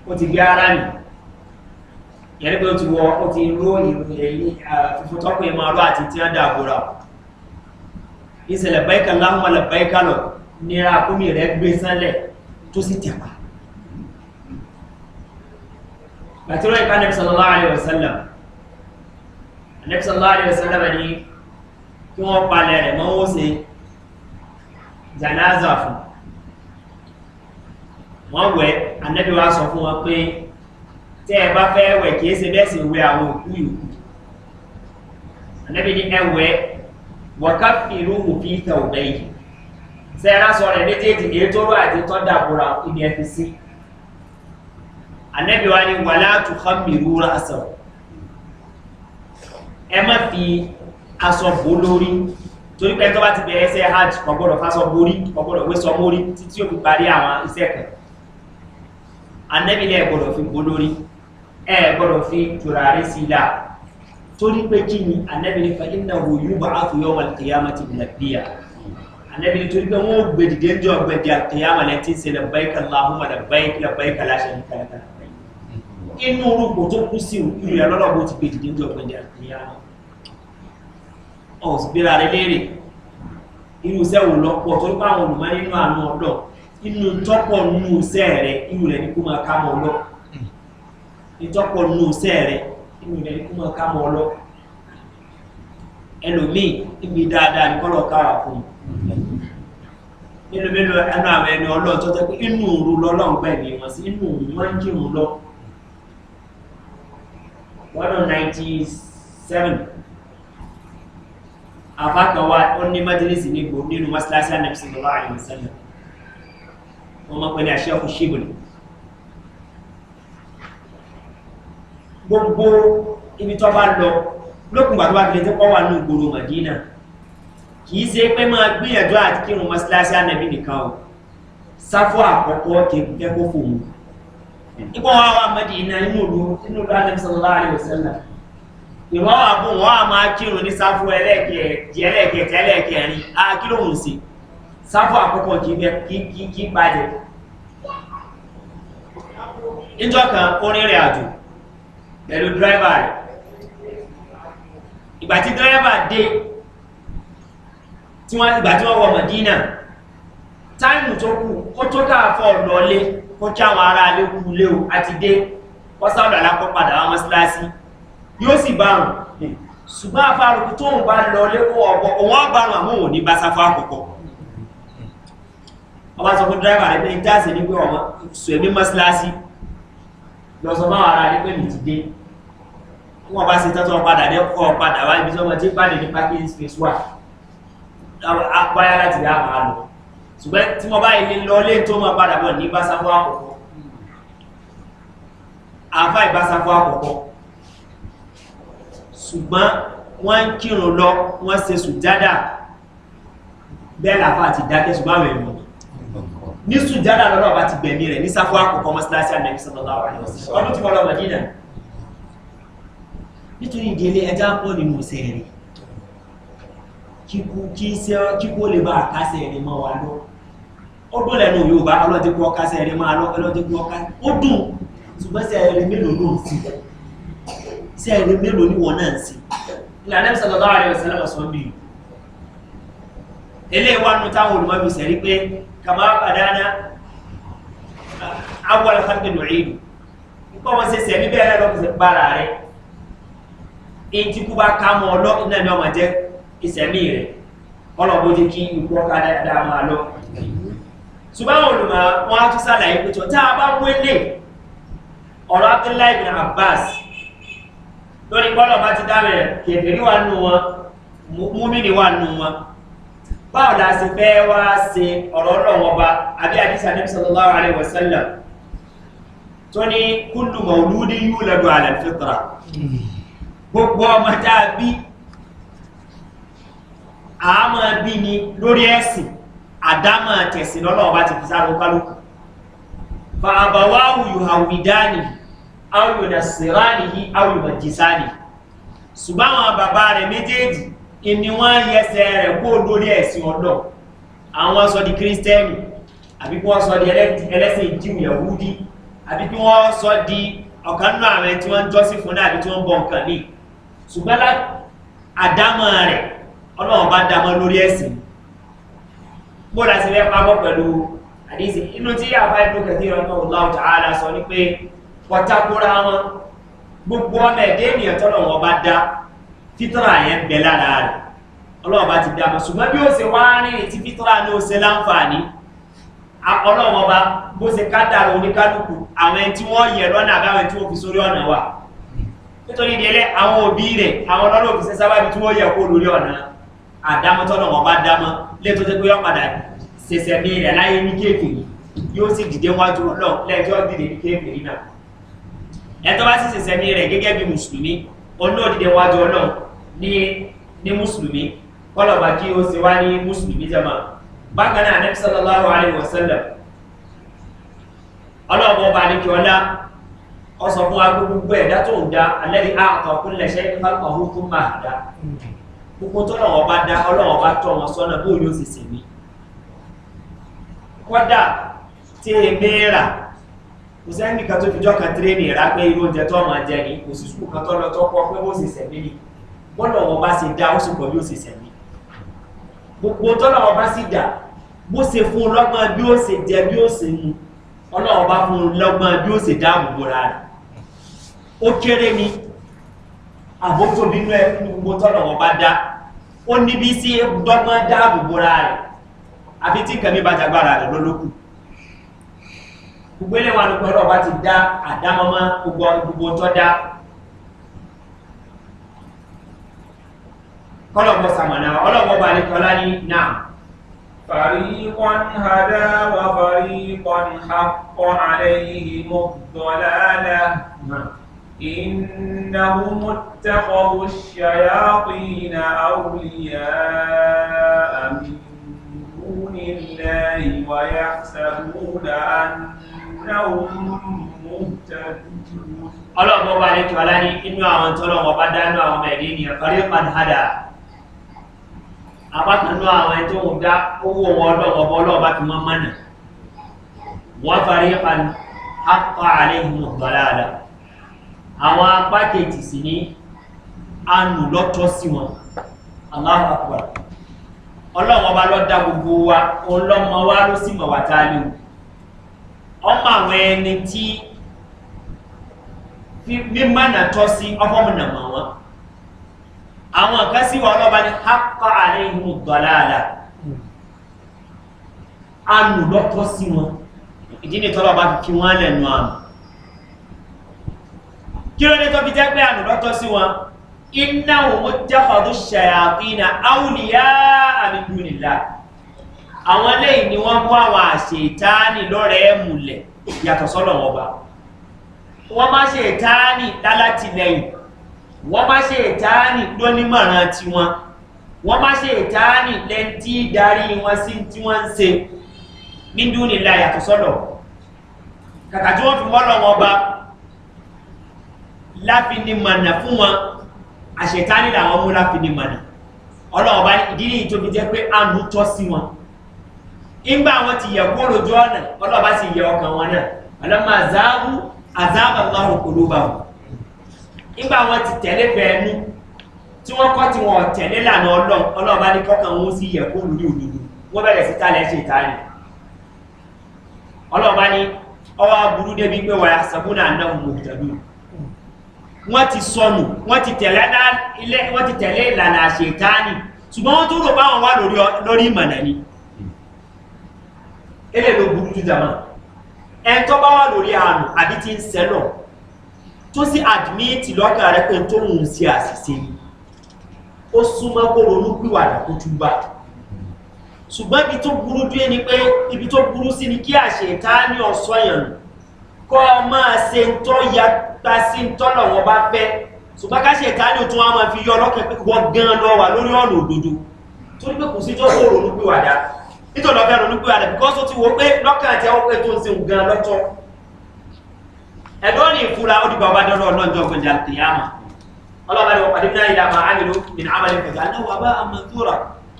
ó ti gbé ara nìí yẹn pé o ti wọ ó ti ró ìròyìn fífún tọ́pọ̀ ìmọ̀ àrọ́ àti tí wọ́n dà àbúrà ìṣẹ̀lẹ̀ báyìíkà láwọn ọ̀lẹ̀ báyìíkà lọ nira àkómi rẹ̀ gbé sánlẹ̀ tó sì tẹ̀pa bàtírọ̀ ìka nẹ́bí sọ̀lọ́lá àlẹ́ wọ̀sálàm nẹ́bí sọ̀lọ́lá àlẹ́ wọ̀sálàm ni kí wọ́n palẹ̀ rẹ̀ mọ́ ó ṣe jànáza fún wọ́n wẹ̀ tẹ́ ẹ bá fẹ́ wẹ̀ kìí ṣe bẹ́ẹ̀ sì wẹ àwọn òkú yòókù ànábìíní ẹwẹ́ wọ̀ká fìlú òfin ìtàn ọ̀bẹ yìí tẹ́ ẹ lásọ rẹ̀ méjèèjì èyí tó rọ àti tọ́ dàbúra ibi ẹ fi sí ànábìíwá ni wàlá àtúkọ́ mìíràn rà sọ ẹ má fi aṣọ bò lórí torí pé tó bá ti bẹ̀rẹ̀ ẹsẹ̀ hajj kọ̀gbọ́dọ̀ fásọ borí kọ̀gbọ́dọ̀ wé mórí títí ó fi parí àwọn iṣẹ́ kan anẹ́bílẹ̀ gbọ́dọ̀ fi bò lórí ẹ gbọ́dọ̀ fi tùràrí sí i la torí pé kí ni anábìrin fa iná wo yóò bá àfò yọ wọn kìyàmà ti bìlà bíyà anábìrin torí pé wọn ò gbé dìde ń jọ ọgbẹ di àkìyàmà lẹ́tí ṣe lè báyìí kan láhùnmá lè báyìí kan lè báyìí kan láṣẹ ní kàlàkàlà inú orúkọ tó kú sí ìrù yà lọ́lọ́ bó ti gbé dìde ń jọ ọgbẹ di àkìyàmà rẹ léèrè irú iṣẹ́ wò lọ́pọ̀ torí pé àwọn olùmọ́ nínú àánú ọ̀dọ́ inú tọ́pọ̀ nínú iṣẹ́ rẹ irú rẹ ní kó máa ká mọ́ ọlọ́pọ̀ ìtọ́pọ̀ nù sẹ́ rẹ̀ inú rẹ̀ kú mọ́ ká mọ́ ọ lọ ẹlòmíì ibi dáadáa ní kọ́lọ̀ káwà fún nínú mélòó ẹnu àwọn ẹni ọlọ́run tó jẹ́ pé inú òru lọ́lọ́run gbẹ̀ ní wọn sí inú òru máa ń jìrùn lọ one hundred ninety seven àfákàwá ó ní májèlésì ní gbòó nínú mọ́sálásí ànàbísí lọ́wọ́ àyẹ̀wò sẹ́lẹ̀ wọ́n máa pẹ́ ní àṣẹ ọkọ̀ ṣíbùlù gbogbo ibi tó bá lọ lókun gbàgbọ́ àtìlẹ́ tó pọ̀ wà ní ìgboro mọ̀dínà kì í ṣe pé máa gbìyànjú àti kírun mọ́síláṣí ànàbí nìkan o sáfọ́ àkọ́kọ́ kẹ́kẹ́ kó fòun ipò wa wà mọ́dínà inú ìlú inú ìlú ànàbí sọ̀rọ̀ láàrin òṣèlú ìwọ́n wà fún wọn a máa kírun ní sáfọ́ ẹlẹ́ẹ̀kẹ̀ẹ́kẹ̀ ẹlẹ́ẹ̀kẹ̀ẹ́rin a kí ló ń ṣe sáfọ́ àkọ́kọ́ kì í bàjẹ́ ìjọ kan orin rẹ̀ àjò pẹ̀lú dírẹ́bà rẹ̀ ìgbà tí dírẹ́bà dé ìgbà tí wọ́n wọ mọ̀dínà táìmù tó kù ó tó káàfọ́ lọlé kó kí àwọn ará alé kú lé o àti dé kọ́sáàdà alákọ́ padà wá mọ́síláṣí yóò sì bárùn ṣùgbọ́n afárùkú tó ń bá lọlé kó ọ̀pọ̀ òun bárùn àmọ́ òní bá sáfá àkọ́kọ́ ọba sọ fún dírẹ́bà rẹ̀ pé ní táàsì ní pé ọmọ sùn ẹ̀mí mọ́síláṣí lọ́sọ bá ara rẹ pé mi ti dé kí wọ́n bá ṣe tọ́tọ́ padà dé kọ́ padà wá ibi sọ́mọ tí pàdé ní parking space wà báyá láti rí àmà lọ ṣùgbọ́n tí wọ́n bá ilé lọ lé tó máa padà bọ̀ ní ìbáṣafọ́ àkọ́kọ́ àfa ìbáṣafọ́ àkọ́kọ́ ṣùgbọ́n wọ́n ń kírun lọ wọ́n ṣe sùjádà bẹ́ẹ̀ làfà ti dákẹ́ ṣùgbọ́n àwọn èèyàn ní sùjádà lọ́rọ̀ bá ti gbẹ̀mí rẹ̀ ní sáfọ́ àkọ́kọ́ mọ́síláṣí ànàbí sọ́lọ́lá wà ọdún tí wọ́n lọ mọ̀dínà nítorí ìdílé ẹja pọ̀ nínú sẹ́ẹ̀rì kíkó lè bá àkásẹ̀ rẹ̀ mọ́ wa lọ ó dùn lẹ́nu yorùbá ọlọ́dẹ́kú ọkásẹ̀ rẹ̀ máa lọ ọlọ́dẹ́kú ọká ó dùn ṣùgbọ́n sẹ́ẹ̀rì mélòó ló ń sí sẹ́ẹ̀rì mélòó ní kama padana awal halki nu'idu nkọ́mọ ṣe sẹ̀mí bẹ́ẹ̀ náà lọ́kùnrin gbára rẹ̀ èyí tí kú bá ká mọ́ ọlọ́ iná ni ọmọ jẹ́ ìsẹ̀mí rẹ̀ ọlọ́bó jẹ́ kí ikú ọ̀ká dáadáa máa lọ. ṣùgbọ́n àwọn olùmọ̀ wọn á tún sàlàyé pé tó tá a bá wé lè ọ̀rọ̀ abdullahi bin abbas lórí bọ́lọ̀ bá ti dábẹ̀rẹ̀ kẹ̀kẹ́ ní wàá nù wọn múmi ní wàá nù wọn báwo la ṣe fẹ́ wá ṣe ọ̀rọ̀ ọlọ́wọ́ bá àbí àdìsá ní sọlọ́lá alẹ́ wọ̀sẹ́lẹ̀ tó ní kúndù mọ̀lúdí yóò lọ́dọ̀ alẹ́ fitra gbogbo ọmọ tá a bí a máa bí ni lórí ẹ̀sìn àdámọ̀ tẹ̀sìn lọ́lọ́wọ́ bá ti fi sáré kálukú fa àbáwáwù yòhàwìdánì áwùyọ̀dà sèránì yìí áwùyọ̀dà jìsánì ṣùgbọ́n àwọn bàbá rẹ̀ méjèèjì ìní wọ́n yẹsẹ̀ rẹ̀ kó lórí ẹ̀sìn ọ̀dọ̀ àwọn sọ di kírísítẹ́nì àbí kí wọ́n sọ di ẹlẹ́sìn jíun yẹ̀wúdí àbí kí wọ́n sọ di ọ̀kan náà àwọn tí wọ́n jọ́sí fún náà àbí tí wọ́n bọ̀ nǹkan ní ṣùgbọ́n àdámọ́ rẹ̀ ọlọ́run bá dámọ́ lórí ẹ̀sìn gbọ́dọ̀ sí fẹ́ pamọ́ pẹ̀lú àdíṣe inú tí àfa ìlú kẹtí ọlọ́run láwùjọ ààlà sọ ni pé pọ̀tàkùrà wọn gbogbo ọmọ ẹ̀dẹ́ ènìyàn tọ́lọ̀ wọn bá dá fítọ́rà yẹn bẹ̀ lára rẹ̀ ọlọ́ọ̀bá ti dáa ṣùgbọ́n bí ó se wá rìn tí fítọ́rà ní ó se láǹfààní ọlọ́ọ̀bá bó se kádàrà oníkálukú àwọn ẹni tí wọ́n yẹ lọ́nà àbáwọn ẹni tí wọ́n fi sórí ọ̀nà wà nítorí ìdílé àwọn òbí rẹ̀ àwọn ọlọ́lọ́ òfin sẹ́ sábàbí tí wọ́n yẹ kó lórí ọ̀nà àdámọ́tọ́nà wọn bá dámọ́ lẹ́tọ́ tẹ́ pé yọ́ padà onu dídẹ wájú ọlọ́ọ̀ ní ní mùsùlùmí kọlọ̀bà kí ó sì wá ní mùsùlùmí jama bákan náà nẹ́bí sallallahu alayhi wa sallam ọlọ́ọ̀bọ̀ ọba àdìkì ọlá ọsọ fún agbógbó ẹ̀dá tó ń da alẹ́rí àtọ̀ kúnlẹ̀ ṣe ọ̀hún tó máa dá gbogbo tó lọ́wọ́ bá dá ọlọ́wọ́ bá tọ́ wọn sọ́nà bóyá ó kò sẹ́ni kan tó fi jọ́ kan tírénì rà pé irú oúnjẹ tó ọmọ jẹ ní kò sì skul kan tó lọ tó kọ́ pé wọ́n sì sẹ̀mí ni bọ́lá wọn bá ṣe dá ó sì pọ̀ bí ó sì sẹ̀mí gbogbo tọ́lá wọn bá sì dà bó ṣe fún lọ́gbọ́n bí ó ṣe jẹ bí ó ṣe mu ọlọ́run bá fún lọ́gbọ́n bí ó ṣe dáàbò bóra rẹ̀ ó kéré ni àbótó nínú ẹ gbogbo tọ́lá wọn bá dá ó níbi sí dọ́gbọ́n dáàbò bóra rẹ̀ àfi tí kẹ́mi bá jagbára rẹ̀ lólókùn gbogbo ilé wa nípa ọlọ́ọ̀bá ti dá àdámọ́mọ́ gbogbo gbogbo tó dá kọlọ̀bọ̀ sàmànà ọlọ́ọ̀bọ̀ bá ní kọlá ní náà fàríkọ́n hadá wà fàríkọ́n hapọ̀ àlẹ́yìí mọ́ dọ̀lálà إنهم اتخذوا الشياطين أولياء من دون الله ويحسبون أن ọlọ́pọ̀ bá lẹ́tọ̀ alá ní inú àwọn tọ́lọ̀wọ̀ bá dánú àwọn ọmọ ẹ̀dẹ́ ènìyàn parí padà àbákanú àwọn ẹ̀tọ́ wọn dá owó wọn ọlọ́pọ̀ ọlọ́pàá fi mọ́ mọ́nà wọ́n parí apá àwọn apá ọmọ àwọn ẹni tí mímọ́ nà tọ́ sí ọfọ́mọ̀nà mọ̀ wọn àwọn kan sí wọn lọ́ba ní hápá àlẹ́ ìhun dọ̀láàlà àmì lọ́tọ́ sí wọn ìdí ni tọ́lọ́ba fi kí wọ́n lẹ́nu àmì kí ló dé tó fi jẹ́ pé àmì lọ́tọ́ sí wọn iná òun jẹ́ fàdúṣẹ̀ àfihàn àwùlíyá àmì dùnìlá àwọn eléyìí ni wọ́n kó àwọn àṣetáni lọ́rẹ̀ẹ́ múlẹ̀ yàtọ̀ sọ́lọ̀ wọn bá wọ́n má ṣe táni lálátìlẹ́yìn wọ́n má ṣe táni lónímọ̀ràn tiwọn wọ́n má ṣe táni lẹ́ntì darí wọn sí tí wọ́n ń se ní dúnilá yàtọ̀ sọ́lọ̀ kàkà tí wọ́n fi wọ́n lọ wọn bá láfi ni fún wọn àṣetáni làwọn mú láfi ni mànà ọlọ́wọ́ bá ìdílé ìtòbi jẹ́ pé àánú tọ́ sí wọn ìgbà wọn ti yẹ kúrò lójú ọ̀nà ọlọ́ba sì yẹ ọkàn wọn náà ọlọ́mọ àzáàbù àzáàbà lọ́rùn kòlóbà wọn ìgbà wọn ti tẹ̀lé fẹ́ẹ́nu tí wọ́n kọ́ tí wọ́n tẹ̀lé lànà ọlọ́ba ní kọ́kàn wọn sì yẹ kúrò lórí òdodo wọ́n bẹ̀rẹ̀ sí tálẹ̀ ṣe ìtàlẹ̀ ọlọ́ba ní ọwọ́ aburú débi pé wàá sàbúnà ànáwó mọ̀tàdù wọ́n ti sọnù wọ́n ti tẹ̀lé ìlànà àṣetánì ẹlẹ́ ló burú jù jàmá ẹ̀ tọ́ bá wà lórí àrùn àbí ti ń sẹ́lọ̀ tó sì àdìmíìtì lọ́kàn rẹ pé tó ń ṣe àṣìṣe ni ó súnmọ́ kó ronú pìwàdà kó tún bá ṣùgbọ́n ibi tó burú dé ni pé ibi tó burú sí ni kí àṣẹ ìta ní ọ̀sọ́ yẹn nù kọ́ ọ máa ṣe ń tọ́ ya gba sí ń tọ́ lọ́wọ́ bá fẹ́ ṣùgbọ́n káṣẹ ìta ní òtún wa máa fi yọ ọlọ́kẹ́ pé wọ́n gan lọ wà lórí ọ̀nà òdodo torí pé kò sí tó kó ronú pìwàdà nítorí ọbẹ̀ ronú pé àdàbí kọ́ tó ti wo pé lọ́kàn àti àwọn pé tó ń seun gan lọ́tọ́ ẹ̀dọ́ ní ìfura ó di bàbá dọ́rọ̀ ọlọ́njọ́ gbọ̀njà kìyàmà ọlọ́ba ni wọ́n pàdé náà ìlànà àmìlú ìnà àmàlẹ́ gbọ̀njà aláwọ̀ abá àmàdúrà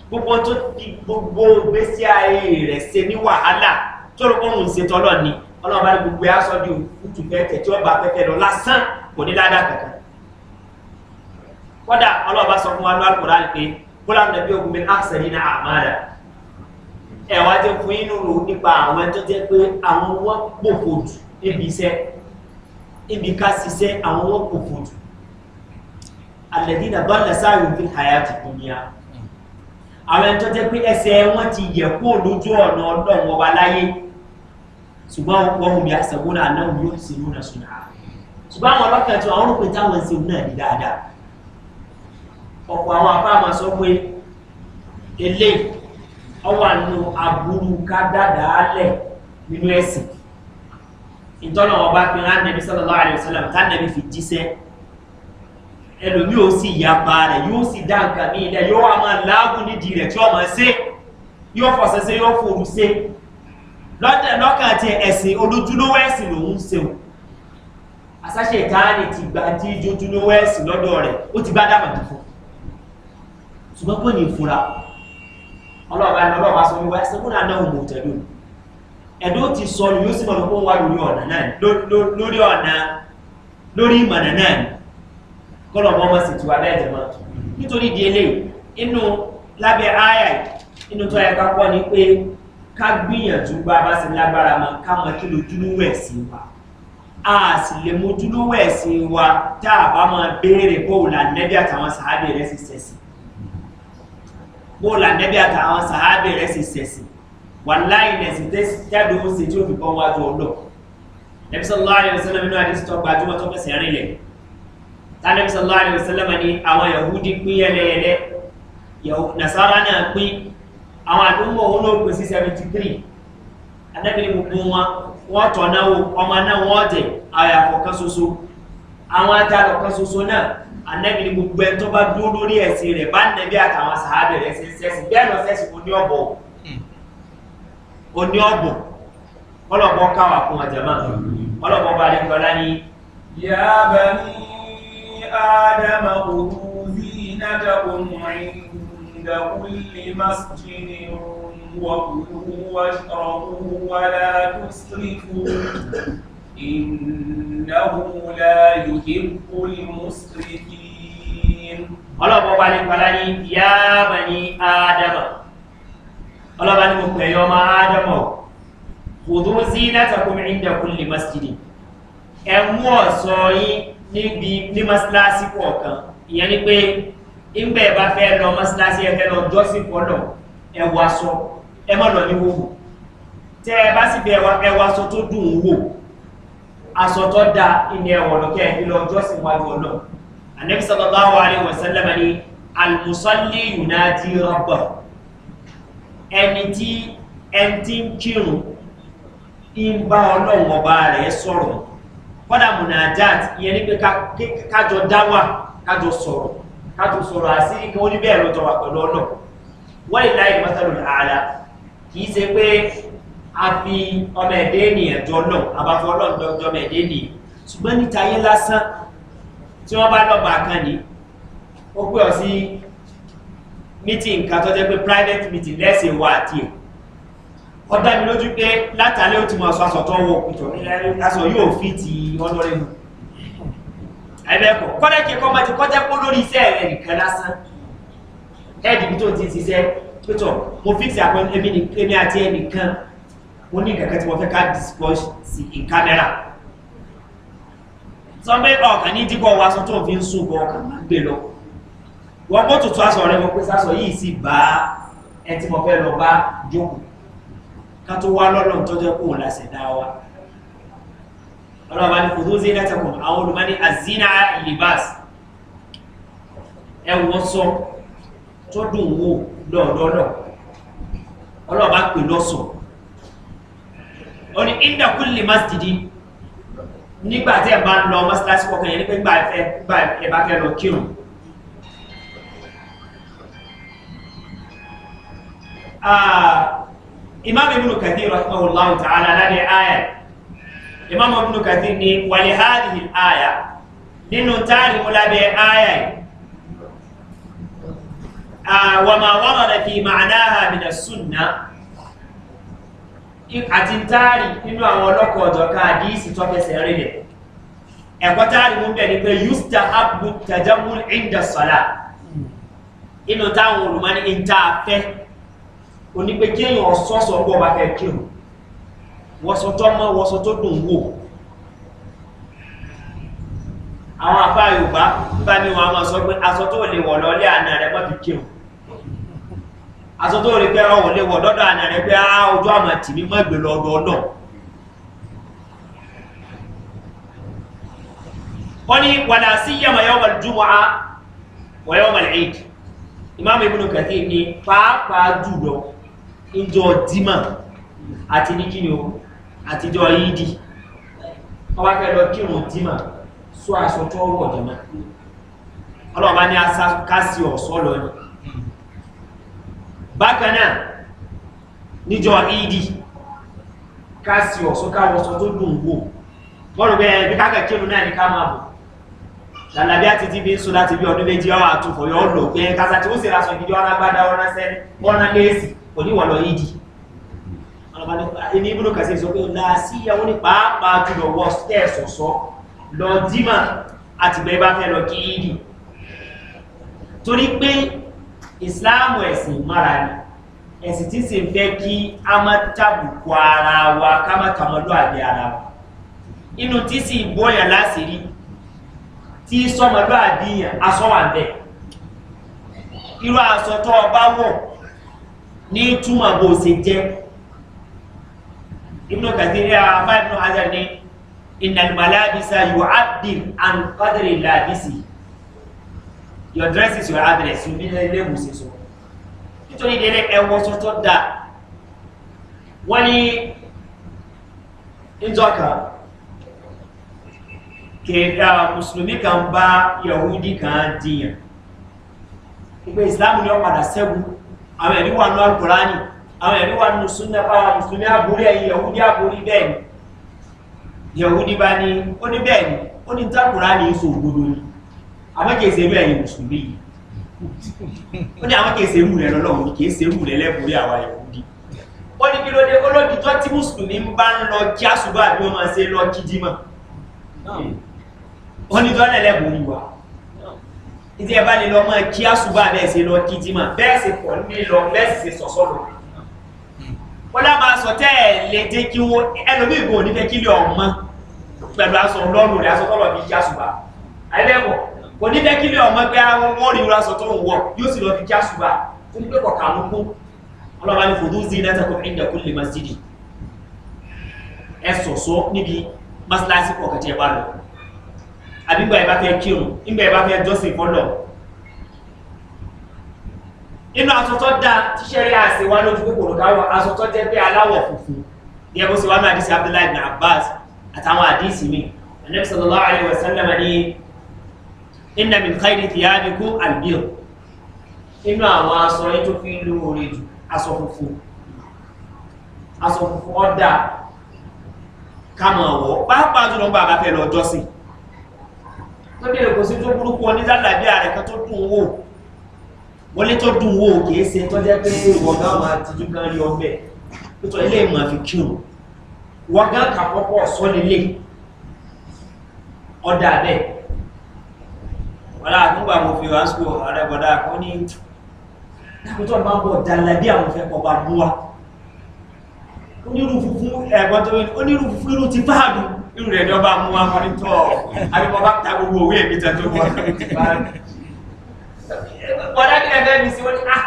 gbogbo tó di gbogbo gbèsè ayé rẹ̀ ṣe ní wàhálà tó ló kóhùn ṣe tọ́lọ̀ ni ọlọ́ba ni gbogbo ẹ̀ aṣọ di òkútù kẹ̀kẹ́ tí ó bá kẹ́kẹ́ lọ lásán kò ní ẹ̀wà jẹ́ fún inú rò nípa àwọn tó jẹ́ pé àwọn wọ́n gbòfò jù níbi iṣẹ́ níbi ká ṣiṣẹ́ àwọn wọ́n gbòfò jù àlẹ́dínà bọ́ọ̀lù sáàrù fi àyà ti kú ní a àwọn ẹni tó jẹ́ pé ẹsẹ̀ wọn ti yẹ̀ kó lójú ọ̀nà ọlọ́run ọba láyé ṣùgbọ́n wọn ò ọ̀pọ̀ àwọn apá àmọ́ sọ ọwà nù aburú ká dáadáa lẹ̀ nínú ẹ̀sìn ìtọ́nà ọba pé ránẹ̀bí sọ́lọ́lá àlẹ́sọ́lọ́m tánẹ̀bí fi jíṣẹ́ ẹlòmí ò sì yapa rẹ̀ yóò sì dá nǹkan ní ilẹ̀ yóò wà máa láàgùn nídìí rẹ̀ tí ọmọ ṣe yóò fọ̀ṣẹ̀ ṣe yóò forù ṣe lọ́kàn tí ẹ̀sìn olójúlówó ẹ̀sìn lòún ṣe o àṣàṣe ìtaàní ti gba tí ìjójúlówó ẹ̀sìn lọ́dọ̀ rẹ̀ ó ti gbá dàmọ̀ tó fún ọlọ́ọ̀bá ni ọlọ́ọ̀bá sọ wípé ẹsẹ̀ kúrò náà wò mọ̀ tẹ̀lé òní ẹ̀dọ́ ti sọ ni yóò sì mọ̀ lọ́pọ̀ wá lórí ọ̀nà náà lórí ọ̀nà lórí ìmọ̀nà náà kọ́lọ̀ bọ́ mọ̀ sì tiwa lẹ́ẹ̀dẹ̀ mọ́ nítorí di eléyìí inú lábẹ́ áyà inú tó yẹ ká pọ̀ ni pé ká gbìyànjú bá bá sí lágbára mọ́ ká mọ kí lójúlú wẹ̀ sí wa a sì lè mójúlú wẹ̀ sí wa tá a bá máa béèrè bóòlù ànẹ́bí àtàwọn sàábì rẹ̀ sì sẹ̀sìn bóòlù ànẹ́bí àtàwọn sàábì rẹ̀ sì sẹ̀sì wà láì nẹ̀sì tẹ́bí ó se tí ó fi bọ́ wájú ọlọ́ nẹ́bí sọ́lá àlẹ́ òsèlè nínú àdísì tó gbajúmọ̀ tó fẹsẹ̀ rìn lẹ̀ tánẹ́bí sọ́lá àlẹ́ òsèlè ní àwọn yahudi pín yẹlẹyẹlẹ nasara náà pín àwọn àdúgbò olóògùn sí seventy three ànẹ́bí ni gbogbo wọn wọ́n tọ̀ náà ọmọ náà wọ́n tẹ̀ anabi ni gbogbo ẹni tó bá dúró lórí ẹ̀sìn rẹ̀ bá nẹ̀bí àtàwọn sàábẹ̀ rẹ̀ ṣe ń sẹ́sìn bẹ́ẹ̀ lọ sẹ́sìn kò ní ọ̀bọ̀ hmm. kò ní ọ̀bọ̀ ọlọ́bọ̀ káwà fún àjàmà ọlọ́bọ̀ bá lè kọ́lá ní yàbá ní ádámà òhúrí nádàkùn ìdàkùnlé masjini wọ̀kùnrin wọ́ṣọ̀rọ̀ wọ́lá tó sírí fún innahu la yuhibbu al-musrifin ọlọ́pọ̀ bá ní pàlá ní yá bá ní ádámà ọlọ́pàá ní gbogbo ẹ̀yọ́ máa ádámà kòdó sí látàkùn ìdá kúlè masjidi ẹ̀mú ọ̀sọ̀ yín níbi ní masláṣí kọ̀ọ̀kan ìyẹn ni pé ìgbẹ́ bá fẹ́ lọ masláṣí ẹ̀fẹ́ lọ jọ́sí pọ̀lọ̀ ẹ̀wọ̀ aṣọ ẹ̀mọ́ lọ ní wòwò tẹ́ ẹ bá sì bẹ ẹ̀wọ̀ aṣọ tó dùn ún wò asọ̀tọ́ da ilẹ̀ ọ̀lọ́kẹ́ ilọ̀ ọjọ́sìn wájú ọlọ́ anabi sallallahu alayhi wa sallam ni almusalli yunadi rabba ẹni tí ẹni tí ń kírun ń bá ọlọ́wọ́ bá rẹ̀ sọ̀rọ̀ kọ́dà munajat ìyẹn ní pé kájọ dáwà kájọ sọ̀rọ̀ ní bẹ́ẹ̀ lọ́jọ́ wà pẹ̀lú ọlọ́ wọ́n ìlà ìmọ̀tàlù kì í ṣe pé àfi ọmọ ẹ̀dẹ́ ènìyàn jọ lọ àbáfọ́ ọlọ́run jọ ọmọ ẹ̀dẹ́ ènìyàn ṣùgbọ́n níta ayé lásán tí wọ́n bá lọ́ba kan ní ó pè ọ́ sí meeting kan tó jẹ́ pé private meeting lẹ́sìn wa àti ẹ̀ ọ̀dá mi lójú pé látàlẹ́ ó ti mọ̀ aṣọ àṣọ̀tọ̀ wọ ìtọ̀ aṣọ yóò fi ti ọlọ́rẹ́mù ẹ̀bẹ̀kọ̀ kọ́lẹ́kì kọ́ máa ti kọjá pọ́ lórí iṣẹ́ rẹ̀ nìkan lásán ẹ̀ẹ́dì bí tó ti ṣiṣẹ́ pẹ̀tọ̀ mo fix àpẹẹrẹ àti ẹnìkan ó ní nǹkan kan tí wọ́n fẹ́ ká discuss sí in camera sọ pé ọ̀kàn ní dípọ̀ wa sọ tó fi ń sùn bọ ọkàn máa ń gbé lọ wọ́n kó tuntun aṣọ rẹ̀ wọ́n pé sásọ yìí sì bá ẹ tí mo fẹ́ lọ bá jókòó ká tó wá lọ́nà tó jẹ́ kó o lásẹ̀ dá wa ọlọ́ba ní kò tó zina tẹkùn àwọn olùmọ́ ní azina libas ẹ wọ́n sọ tó dùn wò lọ́ọ̀lọ́lọ́ ọlọ́ba pè lọ́sọ̀ọ́ ó ní inda kulli masjidi nígbà tí ẹ bá ń lọ mọ́síláṣí kọkàn yẹn ní pé gbà ẹ bá fẹ́ lọ kírun ah, imam ibn kathir rahimahullahu ta'ala lábẹ aya imam ibn kathir ni wàlẹ hàdìhì aya nínú táàrí mú lábẹ aya yìí wàmà wàrọ̀ rẹ̀ fi màánáà bìnà sunna àti táàrí nínú àwọn ọlọ́kọ̀ ọ̀jọ̀ ká àdíìsì tó fẹsẹ̀ rinlẹ̀ ẹ̀kọ́ táàrí mú bẹ̀ ni pé yusta abu tajamul inda sọ́lá inú táwọn olùmọ́ ní ìta afẹ́ onípe kéèyàn ọ̀sọ́sọ̀ gbọ́ bá fẹ́ kírun wọ́sọ tó mọ́ wọ́sọ tó dùn wò àwọn afá yorùbá bá ní wọn a máa sọ pé aṣọ tó lè wọ̀ lọ́lẹ́ àná rẹ̀ mọ́ fi kírun aṣọ tó rí pé ọ ò lè wọ̀ lọ́dọ̀ àná rẹ pé ojú àmọ̀ tì mí mọ́ ìgbè lọ́dọ̀ ọlọ́ wọ́n ní wàlá sí yẹ̀mọ̀ yọ̀ wọ̀lú jùmọ̀ á wọ̀ yọ̀ wọ̀lú ẹ̀d ìmáàmù ìbùnú kẹ̀kẹ́ ni pàápàá jùlọ ìjọ dìmọ̀ àti ní kíni o àti ìjọ yídì wọ́n wá fẹ́ lọ kírun dìmọ̀ sọ aṣọ tó wọ̀ jẹ̀mọ̀ ọlọ́ọ̀bá ní aṣá kásì ọ̀ṣọ́ lọ ni bákan náà níjọ ìdí ká sí ọ̀sọ́ ká wọ́sọ tó dùn wò bọ́ọ̀lù bẹ́ẹ̀ bí káàkà kírun náà ní ká máa bọ̀ làlàbí àti tí bí ń sùn láti bí ọdún méjì ọwọ́ àtúfọ̀ yọ lò pé kásá tí ó sì raṣọ ìdíjọ́ alágbádá ọ̀rán sẹ́ni ọ̀rán léèsì kò ní wọ̀ lọ ìdí ẹni ibùdó kàṣẹ sọ pé láàsí ìyàwó ní pàápàá jùlọ wọ tẹ́ẹ̀sọ̀sọ́ lọ dímà àtìgbẹ́ bá fẹ́ lọ kí ìdí ìsìláàmù ẹ̀sìn mára ni ẹ̀sìn tí sì ń fẹ́ kí a má tàbùkù ara wa ká má tàmọ́lú àbí ara wa inú tí sì bóyàn láṣìírí tí sọmọlú àbíyàn aṣọ wà bẹ́ẹ̀ irú aṣọ tó ọba wọ̀ ní túmọ̀ bó ṣe jẹ́ ibùdó kàtíríà fáìmù azar ní ìnàlùmọ̀lábísà yóò ábìl àǹkọ́dẹ̀rẹ̀ làbísì your address is your address you nílẹ̀ ilé ìwòsàn sọ nítorí ìdílé ẹwọ tuntun dà wọ́n ní ìjọka kẹta mùsùlùmí kan bá yahudi kan dìyàn ìgbé islam ni ó padà sẹ́gun àwọn ẹ̀rí wà nù alkùránì àwọn ẹ̀rí wà nù súnà pa mùsùlùmí àbúrí ẹ̀yìn yahudi àbúrí bẹ́ẹ̀ ni yahudi bá ní ó ní bẹ́ẹ̀ ni ó ní tákùránì ń so òdodo ni àmọ́ kìí ṣe irú ẹ̀yin mùsùlùmí yìí ó ní àwọn kìí ṣe irú rẹ̀ lọ́lọ́run kìí ṣe irú rẹ̀ lẹ́bùrí àwa ìwúdí ó ní kí ló dé olódìjọ́ tí mùsùlùmí ń bá ń lọ kí àṣùgbọ́ àbí wọ́n máa ṣe lọ kí dímọ̀ ó ní jọ́ lẹ́lẹ́bùrí wa ìdí ẹ̀bá ni lọ mọ́ kí àṣùgbọ́ àbẹ́ ṣe lọ kí dímọ̀ bẹ́ẹ̀ sì pọ̀ nílọ bẹ́ẹ̀ sì ṣe sọ̀sọ́ lọ wọ́n lá máa sọ tẹ́ ẹ̀ lè jẹ́ kí wọ́n ẹlòmíì gbòó nífẹ̀ẹ́ kílẹ̀ ọ̀mọ́ pẹ̀lú aṣọ ọlọ́run rẹ̀ aṣọ tọ́lọ̀ fi kí àṣùgbà àìlẹ́wọ̀n kò ní bẹ́ẹ̀ kílẹ̀ ọmọ ẹgbẹ́ wọn rí ìrora sọ tó ń wọ yóò sì lọ fi já ṣùgbà fún pé kọ̀ọ̀kan ló kún ọlọ́ba ní fòdú sí náà tẹ́kọ̀ọ́ ìdá kó lè máa sí di ẹ sọ̀sọ́ níbi mọ́sálásí kọ̀ọ̀kan tí ẹ bá lọ àbí gbà ẹ bá fẹ́ kírun nígbà ẹ bá fẹ́ jọ́sìn fọ́lọ̀ inú asọ́tọ́ dá tíṣẹ́ rí àṣẹ wa lójú kòkòrò káwọ́ asọ́tọ́ jẹ́ pé aláwọ̀ funfun ní ẹbí ó sì wá náà àdìsí abdullahi bin abbas àtàwọn àdìsí mi anabi sallallahu alayhi wa sallam ni inna min khairi thiyabikum albir inú àwọn aṣọ yìí tó fi ń lo orin jù aṣọ funfun aṣọ funfun ọ̀dà kàmọ̀ ọ̀wọ́ pàápàá jùlọ gba àbáfẹ́ lọ jọ́sìn tó dé kò sí tó burúkú onídàlàbí ààrẹ kan tó dùn wò wọ́n lé tó dùn wò kìí ṣe tó jẹ́ pé ìwọ̀n gan máa tijú gan rí ọbẹ̀ nítorí ilé ìmọ̀ àfi kírun wọ́n gan kàkọ́kọ́ sọ́lélé ọ̀dà bẹ́ẹ̀ wọ́n àtúngbà mo fi wá sùkò ọ̀rẹ́ bọ̀dá kó ní dákútọ̀ máa bọ̀ jàlẹ̀bí àwọn fẹ́ pọ̀ bá mú wa onírú funfun ẹ̀gbọ́n tó wí onírú funfun irú ti fáàdù irú rẹ̀ lọ́ba mú wa mọ́ ní tọ́ àbíkọ́ bá ta gbogbo òwe èmi tẹ́ tó wọ́n bọ̀dá kí lẹ́fẹ́ mi sí wọ́n ní à ah,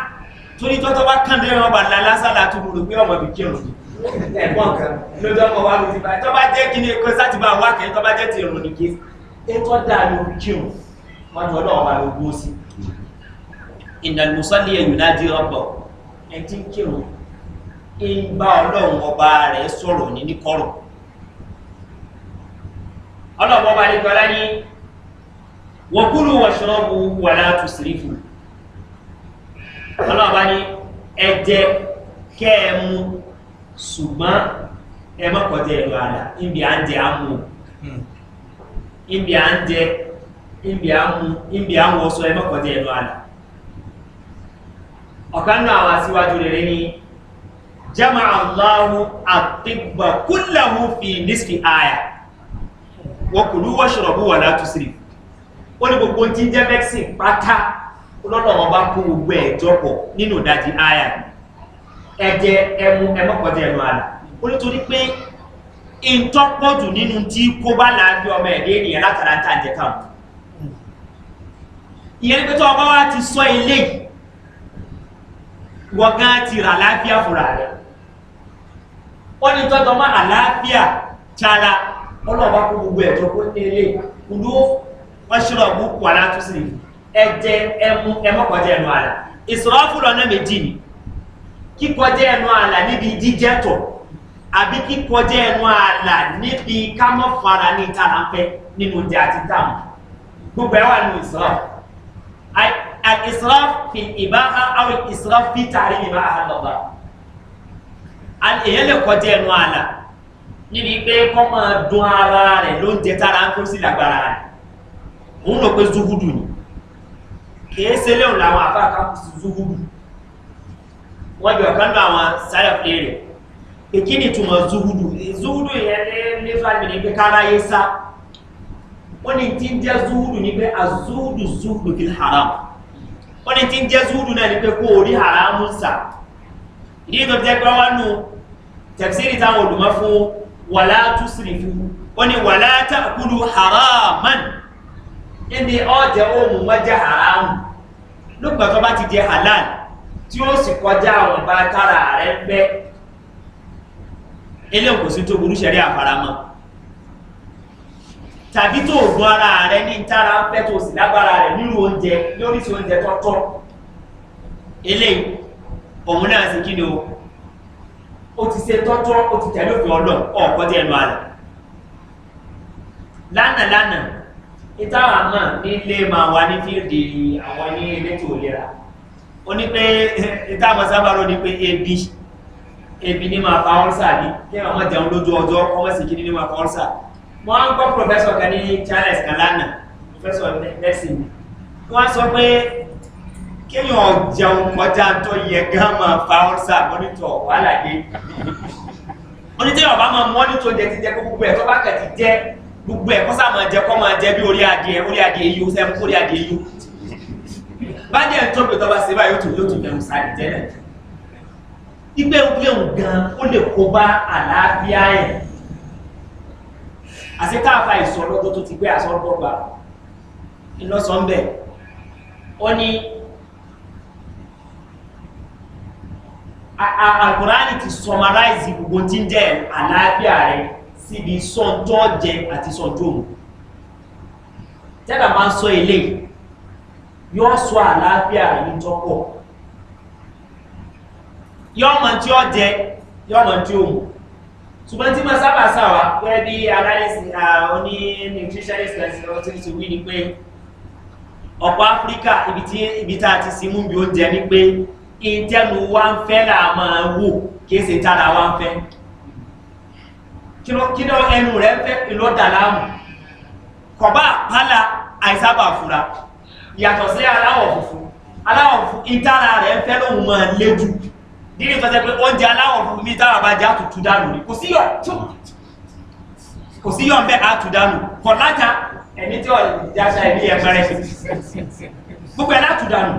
torí tọ́tọ́ bá kàn dé wọn bà lá lásàlá tó mú pé ọmọ bí kírun ẹ̀gbọ́n kan lójú ọmọ wa ló ti bá tọ́ bá jẹ́ kí ni kó sátìbá wákẹ́ tọ́ bá jẹ́ ti ìrùn ní kí ètò dáa ló kírun wájú ọlọ́run bá ló gbó sí ìdàlùmọ́sọ́lẹ̀ ẹ̀yùn láti rọ́pọ̀ ẹ̀ tí ń kírun ń bá ọlọ́run ọba rẹ̀ sọ̀rọ̀ ní níkọ̀rọ̀ ọlọ́run ọba ní kọ́lá ní wọ́kúrú wọ̀ṣọ́rọ́bù wà látù sírífù ọlọ́run ọba ní ẹ̀jẹ̀ kẹ́ ṣùgbọ́n ẹ mọ́kọ̀ọ́jẹ́ ìlú àdá níbi à ń jẹ àmú hmm. níbi à ń jẹ ìbí àwọn oṣù ẹmọ́kọ̀dé ẹnu àlà ọ̀kan náà wá síwájú rere ní jama allahu àtìgbà kúláhù fi nísfi àyà wọ́n kò lú wọ́ṣọ̀rọ̀bù wà látúsírì ó ní gbogbo tí ń jẹ́ mẹ́sìn pátá lọ́nà wọn bá kó gbogbo ẹ̀jọ́ nínú ìdajì àyà ẹ̀jẹ̀ ẹmu ẹmọ́kọ̀dé ẹnu àlà ó nítorí pé ìtọ́pọ̀jù nínú tí kó bá láàbí ọmọ ẹ̀dẹ́ ènìyàn látara ń káàkiri ìyẹn pé tó ọba wa ti sọ ilé yìí wọ́n gan ti rà láàfíà fúnra rẹ̀ wọ́n ní tọ́jọ́ mọ́ àlàáfíà tara ọlọ́ọ̀bá kó gbogbo ẹ̀jọ́ kó tẹ́lẹ̀ kúlú ọṣọ́ọ̀bù wàrà tó sì ẹ̀jẹ̀ ẹmu ẹmọ́kọ̀jẹ́ ẹnu àlà ìsọ̀rọ̀fù lọ́nà méjì ni kíkọjẹ́ ẹnu àlà níbi jíjẹ́tọ̀ àbí kíkọjẹ́ ẹnu àlà níbi kámọ́fara ní ìtara ń fẹ́ nínú oúnjẹ àti táwọn gbogbo ẹ̀ nínú ìsọ̀rọ̀fù الإسراف في الإباحة أو الإسراف في تعليم ما أهل الله àlèyàn lè kọjá ẹnu àlà níbi pé kọ́ máa dun ara rẹ̀ ló ń jẹ tára ń kó sí lágbára rẹ̀ òun rò pé zuhudu ni kìí ṣe léhùn làwọn àfáà ká kù sí zuhudu wọ́n jọ kán lọ àwọn sáyẹ̀ fúlẹ̀ rẹ̀ èkí ni ìtumọ̀ zuhudu zuhudu yẹn ní nífàlì ní pé káráyé sá wọ́n ní tí ń jẹ́ zúúdù ní pé azúúdù zúúdù fi haram wọ́n ní tí ń jẹ́ zúúdù náà ní pé kó orí haramu sà ìdí tó jẹ́ pé wọ́n nù tẹ̀síìrì táwọn olùmọ́ fún wàlá túsìrì fún wọ́n ní wàlá tàkùlù haraman níbi ọ̀jẹ̀ òmù wọ́n jẹ́ haramu lóògbà bá ti jẹ́ halal tí ó sì kọjá àwọn bá tára rẹ̀ ń bẹ́ eléyìí kò tó burú sẹ́rí àfaramọ́ tàbí tó gbọ́ ara rẹ ní tara ń fẹ́ tó sì lágbára rẹ nínú oúnjẹ lórí tí oúnjẹ tọ́tọ́ eléyìí òun náà sì kí o ó ti ṣe tọ́tọ́ ó ti tẹ̀lé òfin ọlọ́run ọ̀pọ̀ tí ẹnu àlẹ́ lánàá lánàá ìtawà náà nílé máa wà ní fíìdì àwọn ní elétò ìlera ó ní pé [LAUGHS] ìtawà sábà ló ní pé ebi ebi ní máa fa ọ́rsà ní kí wọ́n jẹun lójú ọjọ́ ọmọ sì kí ní máa fa ọ́rsà mo á ń gbọ́ professor kan ní charles alana professor nursing wọ́n sọ pé kéèyàn jẹun kọjá tó yẹ gán máa fa ọ́sà mọ́nítọ̀ wàhálà dé onítẹ̀yọ̀ bá máa mọ́nítọ̀ jẹ ti jẹ kó gbogbo ẹ̀ tó bá kẹ̀ ti jẹ gbogbo ẹ̀ kó sá máa jẹ kó máa jẹ bí orí adìẹ orí adìẹ yìí ó sẹ́mu kó orí adìẹ yìí bá jẹ́ ń tóbi tó bá ṣe báyìí ó tún yóò tún bẹ̀rù sáré jẹ́lẹ̀ ìgbẹ́ ògbẹ́ ògán ó lè kó bá àlàáfíà yẹn àti káàfà ìsọlọ́jọ́ tó ti gbé àsọ́gbọ́gba ìlọ́sọ̀ọ́bẹ̀ ó ní àkùránì ti sọmaráìsì gbogbo tí ń jẹ́ àlàáfíà rẹ̀ síbi sọ́jọ́ jẹ àti sọ́jọ́ òun tẹ́lá máa ń sọ ilé yóò sọ àlàáfíà rẹ̀ ní tọ́pọ̀ yọ́mọ tí ó jẹ yọ́mọ tí ó mú ṣùgbọ́n tí máa sábà sáwà pẹ́ bí aláìsí oní nutritionist lẹ́sìn ọtí ti wí ni pé ọ̀pọ̀ áfíríkà ibi tá a ti sí mú bí oúnjẹ ni pé ìjẹnu wa ń fẹ́ là máa wò kí ṣe tára wa ń fẹ́ kí lọ ẹnu rẹ̀ ń fẹ́ ìlọ́dà láàmù kọ̀bá àpálá àìsábà fura yàtọ̀ sí aláwọ̀ funfun aláwọ̀ funfun ìtara rẹ̀ fẹ́ lóhun máa léjú nílé fẹsẹ̀ pé oúnjẹ aláwọ̀ fún mi táwọn bá já tutù dànù ni kò sí yọ̀ kò sí yọ̀ ń bẹ́ àtù dànù kọ̀ láta ẹ̀mí tí ọ̀rẹ́ ìjáṣà ẹ̀mí ẹ̀ pẹ́rẹ́ gbogbo ẹ̀ látù dànù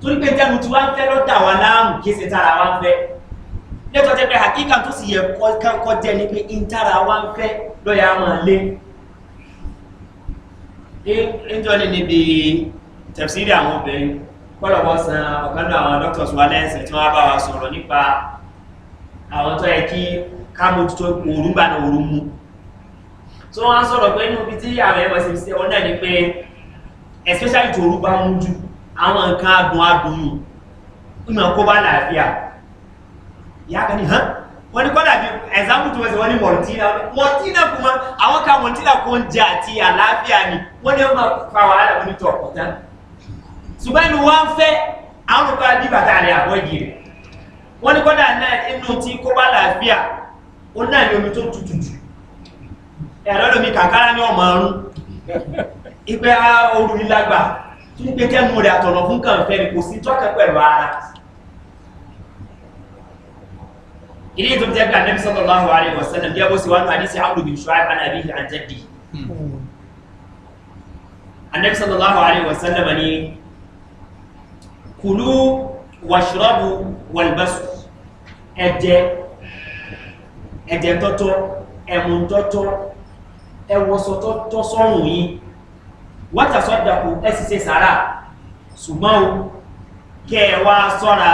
torí pé jẹ́nu tí wọ́n fẹ́ lọ́dà wa láàmù kí ṣe tára wa ń fẹ́ lẹ́tọ́ tẹ́ pé àkíkà tó sì yẹ kọ́ jẹ́ ni pé ń tára wa ń kọ́lọ̀wọ́ san ọ̀kan lọ àwọn doctors wa lẹ́sẹ̀ tí wọ́n bá wa sọ̀rọ̀ nípa àwọn tó yẹ kí kámojútó òórùn bá ní òórùn mú tó wọ́n sọ̀rọ̀ pé inú ibi tí àwọn ẹ̀wọ̀ sì ṣe ọ̀nà ni pé especially tó òórùn bá mú jù àwọn nǹkan adùn adùn yìí ìmọ̀ kó bá làáfíà ìyá kan ní hàn wọ́n ní kọ́lá bí ẹ̀zámù tó wọ́n ní mọ̀rìtínà mọ̀rìtínà kùmọ̀ àwọn ká mọ̀rìtínà kó ń jẹ àti àlàáfíà ni wọ́n ní wọ́n máa fa wàhálà onítọ̀ ṣùgbọ́n ẹnu wá ń fẹ́ àwọn òkú àbí bàtà rẹ̀ àbọ̀ ìdí rẹ̀ wọ́n ní kọ́dà náà inú tí kó bá làáfíà ó náà ní omi tó tutù jù ẹ̀rọ lómi kàkárá ní ọmọ ọrún ìpẹ́ ooru nílágbà tí ń pe kẹ́mu rẹ̀ àtọ̀nà fún kànfẹ́ ni kò sí tọ́kẹ́ pẹ̀lú ara ilé tó jẹ́ bí anabi sọ́tọ̀ lọ́wọ́ àrẹ wọ̀sẹ́lẹ̀ bí ẹbọ́ sí wọn tàbí sí àbúrò bí ṣọ́ àìbá nàbí àjẹ́dì anabi sọ́tọ̀ lọ́wọ́ kùlú wàṣírọ́bù wàlbẹ́sù ẹ̀jẹ̀ ẹ̀jẹ̀ tọ́tọ́ ẹ̀mù tọ́tọ́ ẹwọ́sọ tọ́tọ́ sọ́rùn yìí wátàsọ́dàkù ẹ̀sìsẹ́ sàárà ṣùgbọ́n kẹwa sọ́ra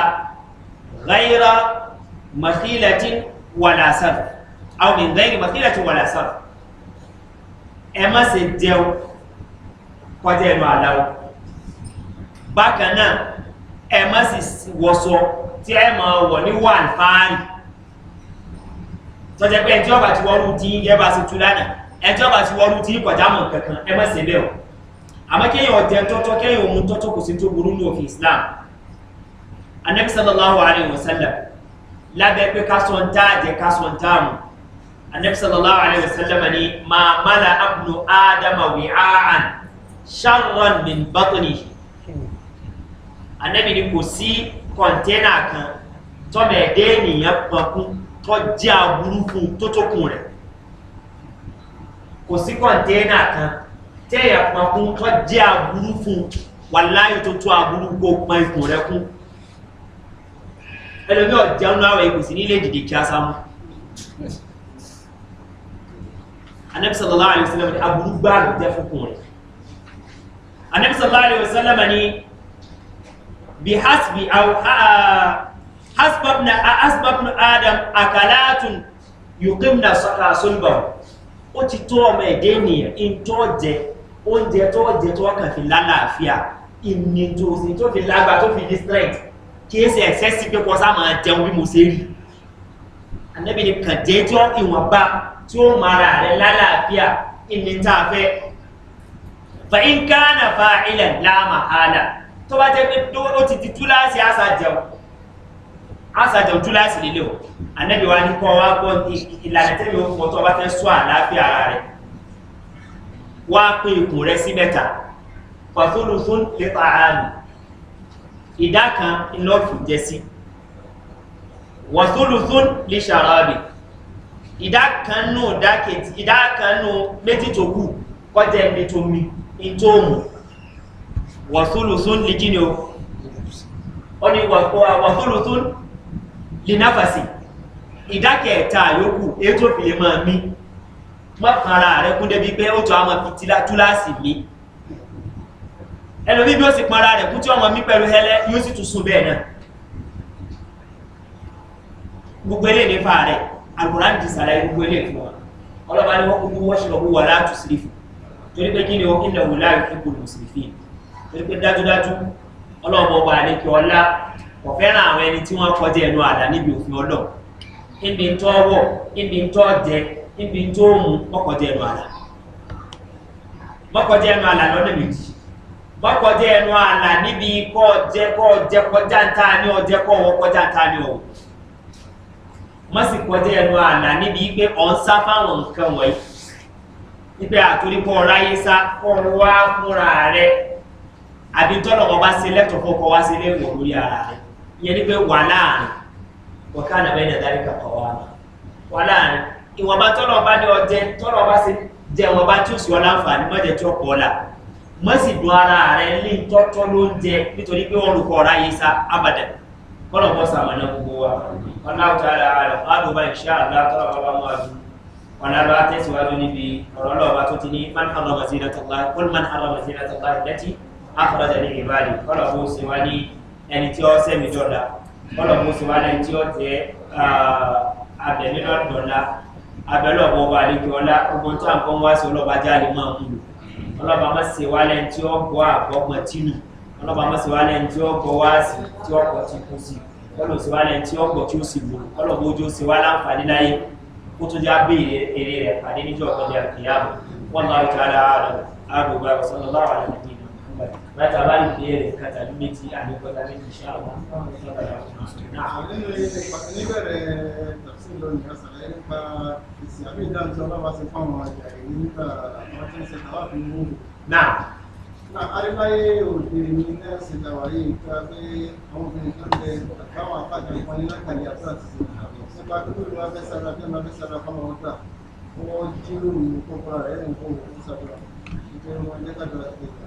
gáírá màtílẹ̀tí wàlásàr àwọn ìgbẹ́rì màtílẹ̀tí wàlásàr ẹ má se jẹun kọjá ẹnu àdáwọ̀ bákan ẹ má sì wọ̀sọ tí ẹ mọ̀ wọ̀ ní wàn fáàlì tọ́jẹ́ pé ẹjọ́ bá ti wọ́rú tí yẹ́ bá ṣe tú lánàá ẹjọ́ bá ti wọ́rú tí kọjá mọ̀ kankan ẹ má sì bẹ́ẹ̀ o àmọ́ kéèyàn ọ̀jẹ̀ tọ́tọ́ kéèyàn òun tọ́tọ́ kò sí tó burú ní òfin islam anabi sallallahu alayhi wa sallam lábẹ́ pé ká tá àjẹ ká sọ ń tá àmù anabi sallallahu alayhi wa sallam ni máa mala abnu adama wi'a'an sharran min batnihi anabi ni kò sí kọ̀ǹtẹ́nà kan tọ́mọ̀ ẹ̀dẹ́ ènìyàn pọ̀kún tọ́ jẹ́ aburú fún tó tó kùn rẹ̀ kò sí kọ̀ǹtẹ́nà kan tẹ́yà pọ̀kún tọ́ jẹ́ aburú fún wà láyé tó tó aburú kó pọn ikùn rẹ̀ kún ẹlòmí ọ̀jẹ̀ ń láwọ̀ ikùn sí nílé dìde kí a sá mú anabi sallallahu alayhi ni aburú gbáàlú jẹ́ fún kùn rẹ̀ anabi sallallahu alayhi ni بحسب أو حسب ابن حسب ابن آدم أكلات يقمن صلبه ó ti tó ọmọ ẹ̀dẹ́ ènìyàn in tó jẹ oúnjẹ tó jẹ tó kàn fi lálàáfíà ìní tó sì tó fi lágbà tó fi ní strength kí é sì ẹ̀sẹ́ sí pé kọ́sá máa jẹun bí mo ṣe rí anábì ni kàn jẹ́ tí ó ìwọ̀nba tí ó mara rẹ̀ lálàáfíà ìní tá a fẹ́ fa in kánà fa ilẹ̀ láàmà hálà tó bá jẹ́ pé ó ti di túláàsì àṣàjẹun àṣàjẹun túláàsì lílé o ànẹ́bí wa ní kọ́ wá gbọ́ ìlànà tẹ́lẹ̀ ó pọ̀ tó bá fẹ́ sọ àlàáfíà ara rẹ̀ wá pé ikùn rẹ̀ sí mẹ́ta pàtólu fún lẹ́tà àánú ìdá kan iná fi jẹ sí wàtólu fún lè ṣàràbì ìdá kan nù ìdá ìdá kan nù méjì tó kù kọjá ẹni tó mi ìtòhùn wàtúlùsún lè kíni o wọ́n ni wàtúlùsún lè náfàsì ìdákẹ̀ẹ́ta yókù ètò fìlè máa mí má fara rẹ kún débi pé ó tó àwọn fìtílá túláàsì mi ẹlòmí bí ó sì para rẹ kún tí ọmọ mi pẹ̀lú hẹlẹ́ yóò sì tún bẹ́ẹ̀ náà gbogbo eléyìí nípa rẹ àgùrá ti sàlàyé gbogbo eléyìí fún wa ọlọ́ba ni wọ́n kúkú wọ́ṣọ̀lọ́gbù wà látùsílì fún torí pé kí ni ó kí ni òun fún gbogbo mùsùlùmí pé dájúdájú ọlọ́ọ̀bọ̀ ọba ní kí ọlá kò fẹ́ràn àwọn ẹni tí wọ́n kọjá ẹnu àdá níbi òfin ọlọ́ níbi ń tọ́ wọ̀ níbi ń tọ́ jẹ níbi ń tó mú mọ́kọjá ẹnu àlà mọ́kọjá ẹnu àlà lọ́nà méjì mọ́kọjá ẹnu àlà níbi kọ́ jẹ kọ́ jẹ kọjá ń ta ni ọ jẹ kọ́ ọ kọjá ń ta ni ọ mọ́ sì kọjá ẹnu àlà níbi pé ọ ń sá fáwọn nǹkan wọ̀nyí níbi àtúrí kọ́ ọ ráyé sá kọ́ ọ wá múra rẹ̀. àbí tọ́lọ̀kọ́ bá se lẹ́tọ̀kọ́ kọ́ wá sí ilé ìwọ̀n lórí ara rẹ̀ ìyẹn ni pé wà láàrin ọ̀ká ànàbẹ́ ní adarí kàkọ́ wa wà láàrin ìwọ̀nba tọ́lọ̀ bá ní ọjẹ́ tọ́lọ̀ bá sí jẹ́ ìwọ̀nba tí ó sì wọ́n láǹfààní mọ́jẹ́ tí ó pọ̀ ọ̀la mọ́ sì dùn ara rẹ̀ ní tọ́tọ́ ló ń jẹ nítorí pé wọ́n rúkọ ọ̀rá yìí sá abàdà kọ́lọ̀ bọ́ sàmọ́nà gbogbo wa ọ̀nà àwùjọ ara rẹ̀ ọ̀dùnbà ìṣẹ́ àdúrà tọ́lọ̀ bá bá mú àdú ọ̀nà bá tẹ̀síwájú níbi ọ̀rọ̀ ọlọ́ọ̀bá tó ti ní man haramazina tọ́lá kúl man haramazina tọ́lá ìdẹ́tì akọlọ́jà ní ìbáàlì ọlọ́mú sí wá ní ẹni tí ó sẹ́mi dọ́là ọlọ́mú sí wá lẹ́ni tí ó jẹ́ abẹ̀mí lọ́dọ̀ọ́lá abẹ́lẹ̀ ọ̀bọ̀ ọba àlejò ọlá ogun tó à ń kọ́ wá sí ọlọ́ba jáde máa ń lò ọlọ́ba má sì wá lẹ́ni tí ó gbọ́ àgbọ́gbọ̀n tìlù ọlọ́ba má sì wá lẹ́ni tí ó gbọ́ wá sí tí ó gbọ́ ti kú sí ọlọ́ sí wá lẹ́ni tí ó gbọ́ tí ó sì lò ọlọ́ba ojú ó wá láǹfààní láyé kó tó já bí èrè rẹ̀ pàdé níjọ́ ọ̀gbọ́n láti bá lè bẹ̀rẹ̀ nǹkan tàbí méjì àníkọ́ta méjì ṣe àwọn níbẹ̀rẹ̀ tàbí lónìí ọ̀sàlẹ̀ nípa ìsìn àbí ìdáhùn tí ọlọ́wà sí fún àwọn ọjà ìrìn nígbà àwọn tí ń ṣe tàwà fi mú náà arífáyé òde ní nẹ́ẹ̀sì tàwárí ìgbà pé àwọn obìnrin tó lè àtàwọn àpàdé wọn ní látàrí àtúrà ti ṣe nípa pípé ìlú abẹ́sára bí ọmọ abẹ́sára fọmọ ọjà wọ́n jíròrò kókó rẹ̀ ẹ̀rìn kó òkú sàdúrà ìgbẹ́ wọn jẹ́ kàdúrà sí ìgbà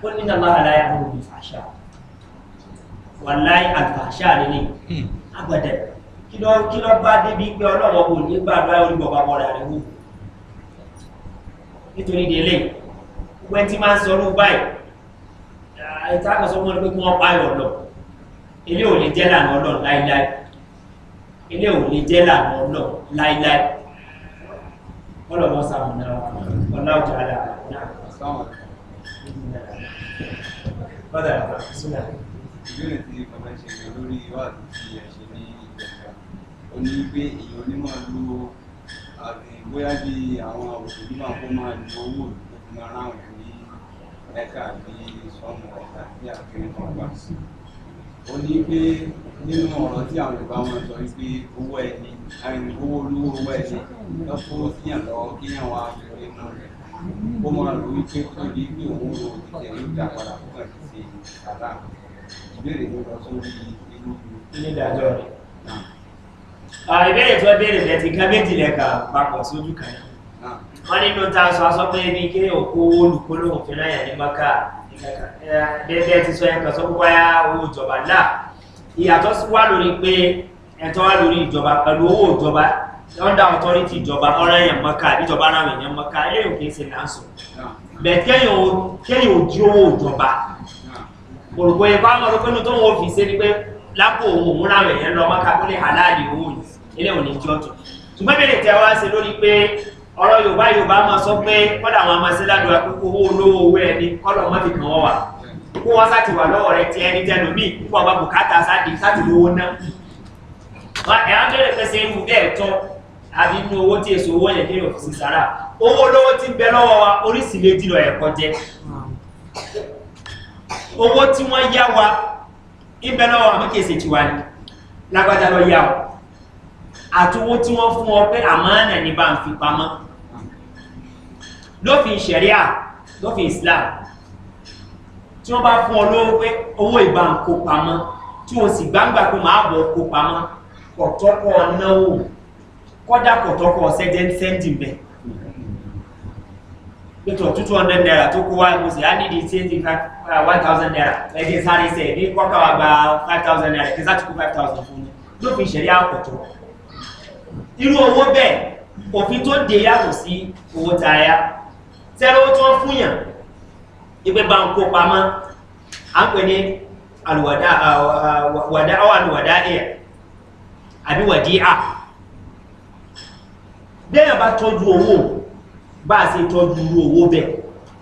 qul inna allaha la ya'muru bil fahsha wallahi al fahsha lele hmm. agbada kí ló kí ló bá débi pé ọlọ́wọ́ kò ní gbàdúrà orí bọ̀bá bọ̀rọ̀ rẹ̀ wò nítorí délé gbogbo ẹtí máa ń sọrú báyìí ẹ̀ta àkọsọ́ mọ́ ni pé kí wọ́n pààyàn lọ ilé ò lè jẹ́ lànà ọlọ́run láíláí ilé ò lè jẹ́ lànà ọlọ́run láíláí ọlọ́run sàmùnà ọlọ́run jàdà náà. Bọ́dà Súnà. Ìbéèrè tí bàbá ṣe ní olórí ìwádìí tí a ṣe ní ìgbẹ̀ka. Ó ní pé èèyàn onímọ̀ lu bóyá bí àwọn òṣèlú náà kó máa lu owó ìlú máa ráwọn ní ẹ̀ka àbí sọ́mù ẹ̀ka àbí àfihàn kan wá sí. Ó ní pé nínú ọ̀rọ̀ tí àwọn ìbá wọn sọ wípé owó ẹni, owó olówó owó ẹni como máa rò wípé ó tóbi pé òun ò ìjẹ́ ló dá padà fún àti ṣe sàrà ìbéèrè ló lọ sórí irú onídàájọ́ rẹ̀. ìbéèrè tó béèrè rẹ̀ ti ká méjìlẹ̀ kà papọ̀ sójú kan náà wọ́n nínú ta sọ aṣọ pé ibi kí òkú olùkóló òfin náà ní mọ́kà bẹ́ẹ̀ ti sọ ẹ̀kan sọ púpọ̀ yá owó ìjọba náà ìyàtọ̀ wà lórí pé ẹ̀tọ́ wà lórí ìjọba pẹ̀lú owó ìjọba under authority ìjọba ọ̀rọ̀ èèyàn mọ́ká àbíjọba ara àwọn èèyàn mọ́ká eléyìí kìí ṣe láǹsọ̀ bẹ̀ẹ̀ kéyìn ò dí owó ìjọba òrùkọ ẹ̀kọ́ àwọn ọ̀rọ̀ pẹ́nu tó ń wọ́n fi ni pé lápò òun òun ráwẹ̀ yẹn lọ mọ́ká tó lè hàláàlì owó yìí eléyìí ò ní jọ́ tó ṣùgbọ́n bèrè tẹ́ wá ṣe lórí pé ọ̀rọ̀ yorùbá yorùbá máa sọ pé kọ́dà àwọn amọ̀ sí ládùúgbà pé owó olówó owó ẹni kọ́dà ọmọ fi kàn wọ́n wà àbí inú owó tí èso owó yẹn kéèyàn fi sí sára owó lówó ti ń bẹ lọ́wọ́ wa oríṣi méjì lọ ẹ̀kọ́ jẹ owó tí wọ́n yá wa ń bẹ lọ́wọ́ àmọ́ kìí ṣe tiwa ni lágbájá lọ yá o àti owó tí wọ́n fún ọ pé àmọ́nà ni bá ń fi pamọ́ lófin sẹ̀ríà lófin islam tí wọ́n bá fún ọ lówó pé owó ìbá ń kó pamọ́ tí wọ́n sì gbangba pé màá bọ̀ kó pamọ́ ọ̀tọ́kọ̀ náwó kọ́dà kò tọ́kọ̀ ọ̀sẹ̀ jẹ́ ń sẹ́ndì mẹ́ nítorí two hundred naira tó kó wá mo sì á nídìí twenty five thousand naira ẹ̀jẹ̀ sáré sẹ̀ ní kọ́kà gba five thousand naira kí sátìkú five thousand fún mi ló fi ìṣẹ̀rí àkọ́tọ̀ irú owó bẹ́ẹ̀ òfin tó dé yàtọ̀ sí owó tààyà tẹ́lẹ̀ owó tí wọ́n fún yàn bá ń kó pamọ́ à ń pè ní àlùwàdá àwọ̀ àlùwàdá ẹ̀yà àbí wàdí à bẹ́ẹ̀ bá tọ́jú owó bá a ṣe tọ́jú irú owó bẹ́ẹ̀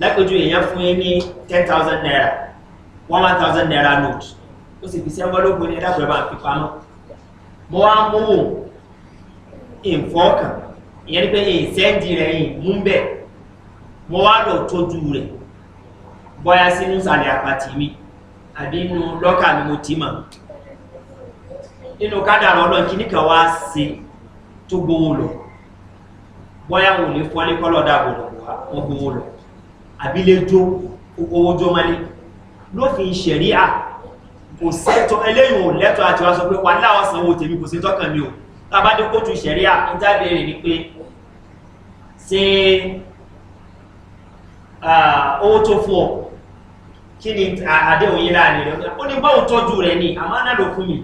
lápẹjú èèyàn fún yín ní ten thousand naira one thousand naira note ó sì fi sí ẹnvọ́lọ́pù ní ẹ̀dá pẹ̀lú àfi pamọ́ mo wá mú wò ìfọ́kàn ìyẹn ni pé ìsẹ́ǹdì rẹ̀ yìí mú bẹ́ẹ̀ mo wá lọ tọ́jú rẹ̀ bọ́yá sínú ìsàlẹ̀ àpàtì mi àbí inú lọ́kà ni mo ti mọ̀ nínú kádàrọ̀ ọlọ́run kí kan wá sí tó gbowó lọ bọ́yá wọn ò ní fọ́lé kọ́lọ̀ dáàbò lọ wá wọn gbowó lọ àbílẹ̀ jó owó jó mọ́lé lófin ṣẹ̀rí à kò sẹ́tọ̀ eléyìn ò lẹ́tọ̀ àti wá sọ pé wà láwọn sanwó tèmi kò sí tọ́kàn mi o tàbádé kóòtù ṣẹ̀rí à ń jábẹ̀rẹ̀ ni pé ṣe owó tó fún ọ kí ni àdéhùn yìí láàrin rẹ̀ ó ní báwo tọ́jú rẹ̀ ni àmọ́ náà ló fún mi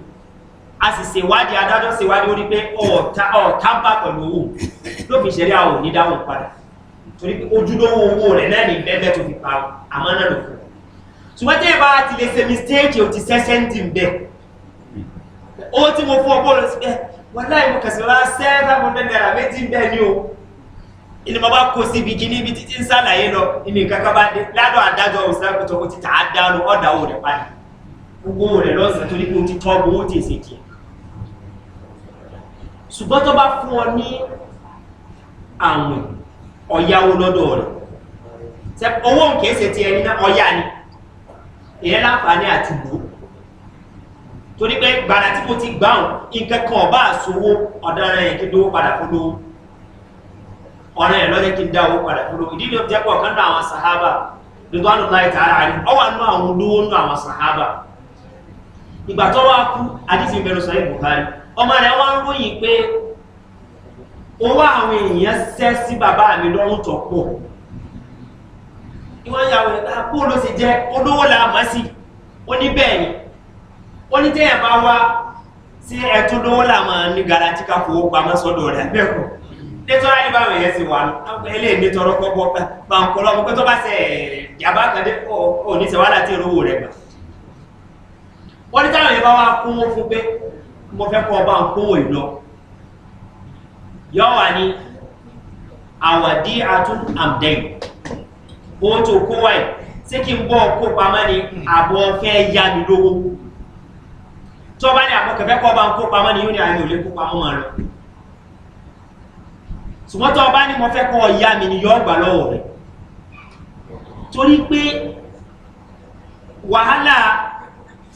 a sì ṣèwádìí adájọ́ ṣèwádìí ó rí pé ọ̀tá ọ̀tá bá pẹ̀lú owó ló fi ṣẹ̀rí àwọn òní dáhùn padà torí pé ojúlówó owó rẹ̀ náà ní bẹ́ẹ̀ tó fi pa àmọ́ náà lò fún un ṣùgbọ́n tẹ́ ẹ bá ti lè ṣe mistake ò ti ṣẹ́ṣẹ́ ń dì ń bẹ́ẹ̀ ó tí mo fún ọgbọ́n lọ sí bẹ́ẹ̀ wọn láì mo kẹsàn-án rárá sẹ́ẹ̀fà mo dẹ́ náírà méjì ń bẹ́ẹ̀ ni o ìní mo bá kó sí ibi kíní ibi títí ń sàlàyé lọ ìní kankan bá dé ládọ̀ adájọ́ òṣèlú tó ti tà á dáná ọ̀dà òun rẹ̀ padà gbogbo òun rẹ̀ lọ́sàn torí pé o ti tọ́ gbowó tèsè jẹ́ ṣùgbọ́n tó bá fún ọ ní àwìn ọ̀yáwó lọ́dọ̀ rẹ̀ tẹ owó nkèése ti ẹni náà ọ̀yá ni ìyẹn láǹfààní àti bò torí pé gbàrà tí mo ti gbàùn nǹkan kan ọba àsowó ọ̀daràn yẹn kí lówó padà fún lówó ọ̀ràn yẹn lọ́jọ́ kí n dá owó padà fún lówó ìdí ni ó jẹ́ pé ọ̀kan náà àwọn sàhábà nígbà wọn lọ́ọ́ ìta ara rẹ̀ ọwọ́ àánú àwọn olówó nù àwọn sàhábà ìgbà tó wá kú àdìsí mẹ́rin sọ ọmọ rẹ̀ wọ́n ń ròyìn pé owó àwọn èèyàn sẹ́ sí bàbá mi lọ́rùn tó pọ̀ ìwọ́n yà wọ̀ ẹ̀ta kó ló sì jẹ́ olówó la mọ̀ sí ó ní bẹ́ẹ̀ ni ó ní tẹ́yà bá wá sí ẹ̀tún lówó la mọ̀ ní garanti ká fowó pamọ́ sọ́dọ̀ rẹ̀ bẹ́ẹ̀ kọ́ nítorí ayé báwọn èèyàn sì wà eléyìí nítorọ́ kọ́kọ́ pàǹkọ́lọ́ mo pé tó bá sẹ̀ yàbá kan dé ò ní sẹ̀ wàhálà tí ìrówó rẹ̀ gbà wọ́n ní táwọn èèyàn bá wá mo fẹ́ kọ́ ọba nkówó ìlọ yọ wà ní àwàdí àtún àmdẹ́yìn owó tó kó wáyé ṣé kí n bọ́ kó pamọ́ ni hmm. àbọ̀ fẹ́ yá mi lówó tí wọ́n bá ní àbọ̀ kẹfẹ́ kọ́ ọba nkó pamọ́ ni yóò ní àyè ò kó pamọ́ mọ́ rẹ̀ ṣùgbọ́n tí bá ní mo fẹ́ kọ́ ọ̀yá mi ni yọ gbà lọ́wọ́ rẹ̀ torí pé wàhálà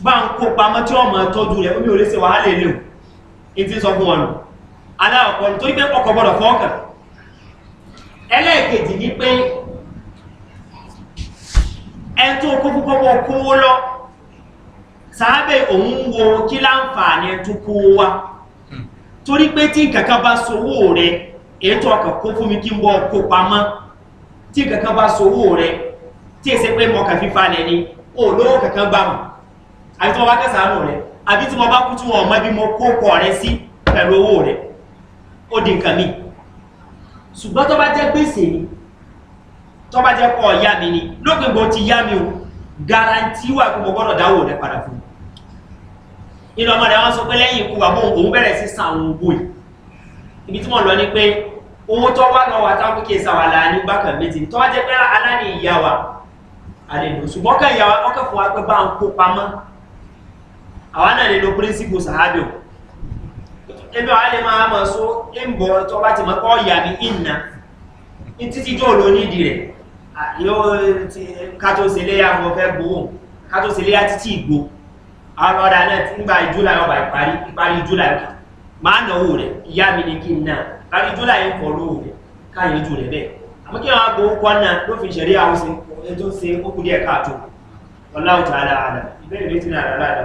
bá ń kó pamọ́ tí ọmọ tọ́jú rẹ̀ omi ò lè ṣe wàhálà ilé o ìtí sọ fún wọn nù aláàkọ́ nítorí pé ọkọ̀ gbọ́dọ̀ fọ́ọ̀kàn ẹlẹ́ẹ̀kejì ní pé ẹn tó kó púpọ̀ pọ̀ kówó lọ sáábẹ̀ òun wo kí láǹfààní tó kó wa torí pé tí kankan bá sowó rẹ̀ ètò ọkọ̀ kó fún mi kí n bọ́ kó pamọ́ tí kankan bá sowó rẹ̀ tí èsè pé mọ̀ọ́kà fífa nẹni olówó kankan bá àbí tí wọ́n bá kẹsàánù rẹ̀ àbí tí wọ́n bá kú tí wọ́n mọ́ bí mo kó kọ̀ rẹ̀ sí pẹ̀lú owó rẹ̀ ó di nǹkan mi ṣùgbọ́n tó bá jẹ́ gbèsè ni tó bá jẹ́ kọ́ ọ̀yá mi ni lópin bó ti yá mi o garanti wà pé mo gbọ́dọ̀ dáwò rẹ̀ padà fún mi inú ọmọ rẹ̀ sọ pé lẹ́yìn ikú wa bóun òun bẹ̀rẹ̀ sí san òun bóyì ibi tí mo lọ ni pé owó tó wà lọ́wọ́ àtàwọn kí èsà wà láàánú bákan méjì tó wá jẹ́ pé aláàánú ìyá wa àlejò ṣùgbọ́n ọkàn ìyá wa ọkàn fún wa pé bá ń kó pamọ́ àwa náà lè lo píríncípù sàhábì o ebi àwa lè máa mọ̀ so ń bọ̀ tó bá ti mọ̀ kọ́ ìyá mi ìnà títí tó lò nídìí rẹ̀ yóò ti kátó ṣe léyà mo fẹ́ gbowó kátó ṣe léyà títí ìgbò àwọn ọ̀dà náà ti ń gba july ọba ìparí ìparí july máa náwó rẹ̀ ìyá mi ni kí n náà parí july ń fọ́ lówó rẹ̀ káyé jù kọ́ náà ló fi ṣẹ̀rí àwọn ṣe tó ṣe ó kú díẹ̀ káàtó ọláwùtà àlàáda ìbéèrè méjì náà àlàáda.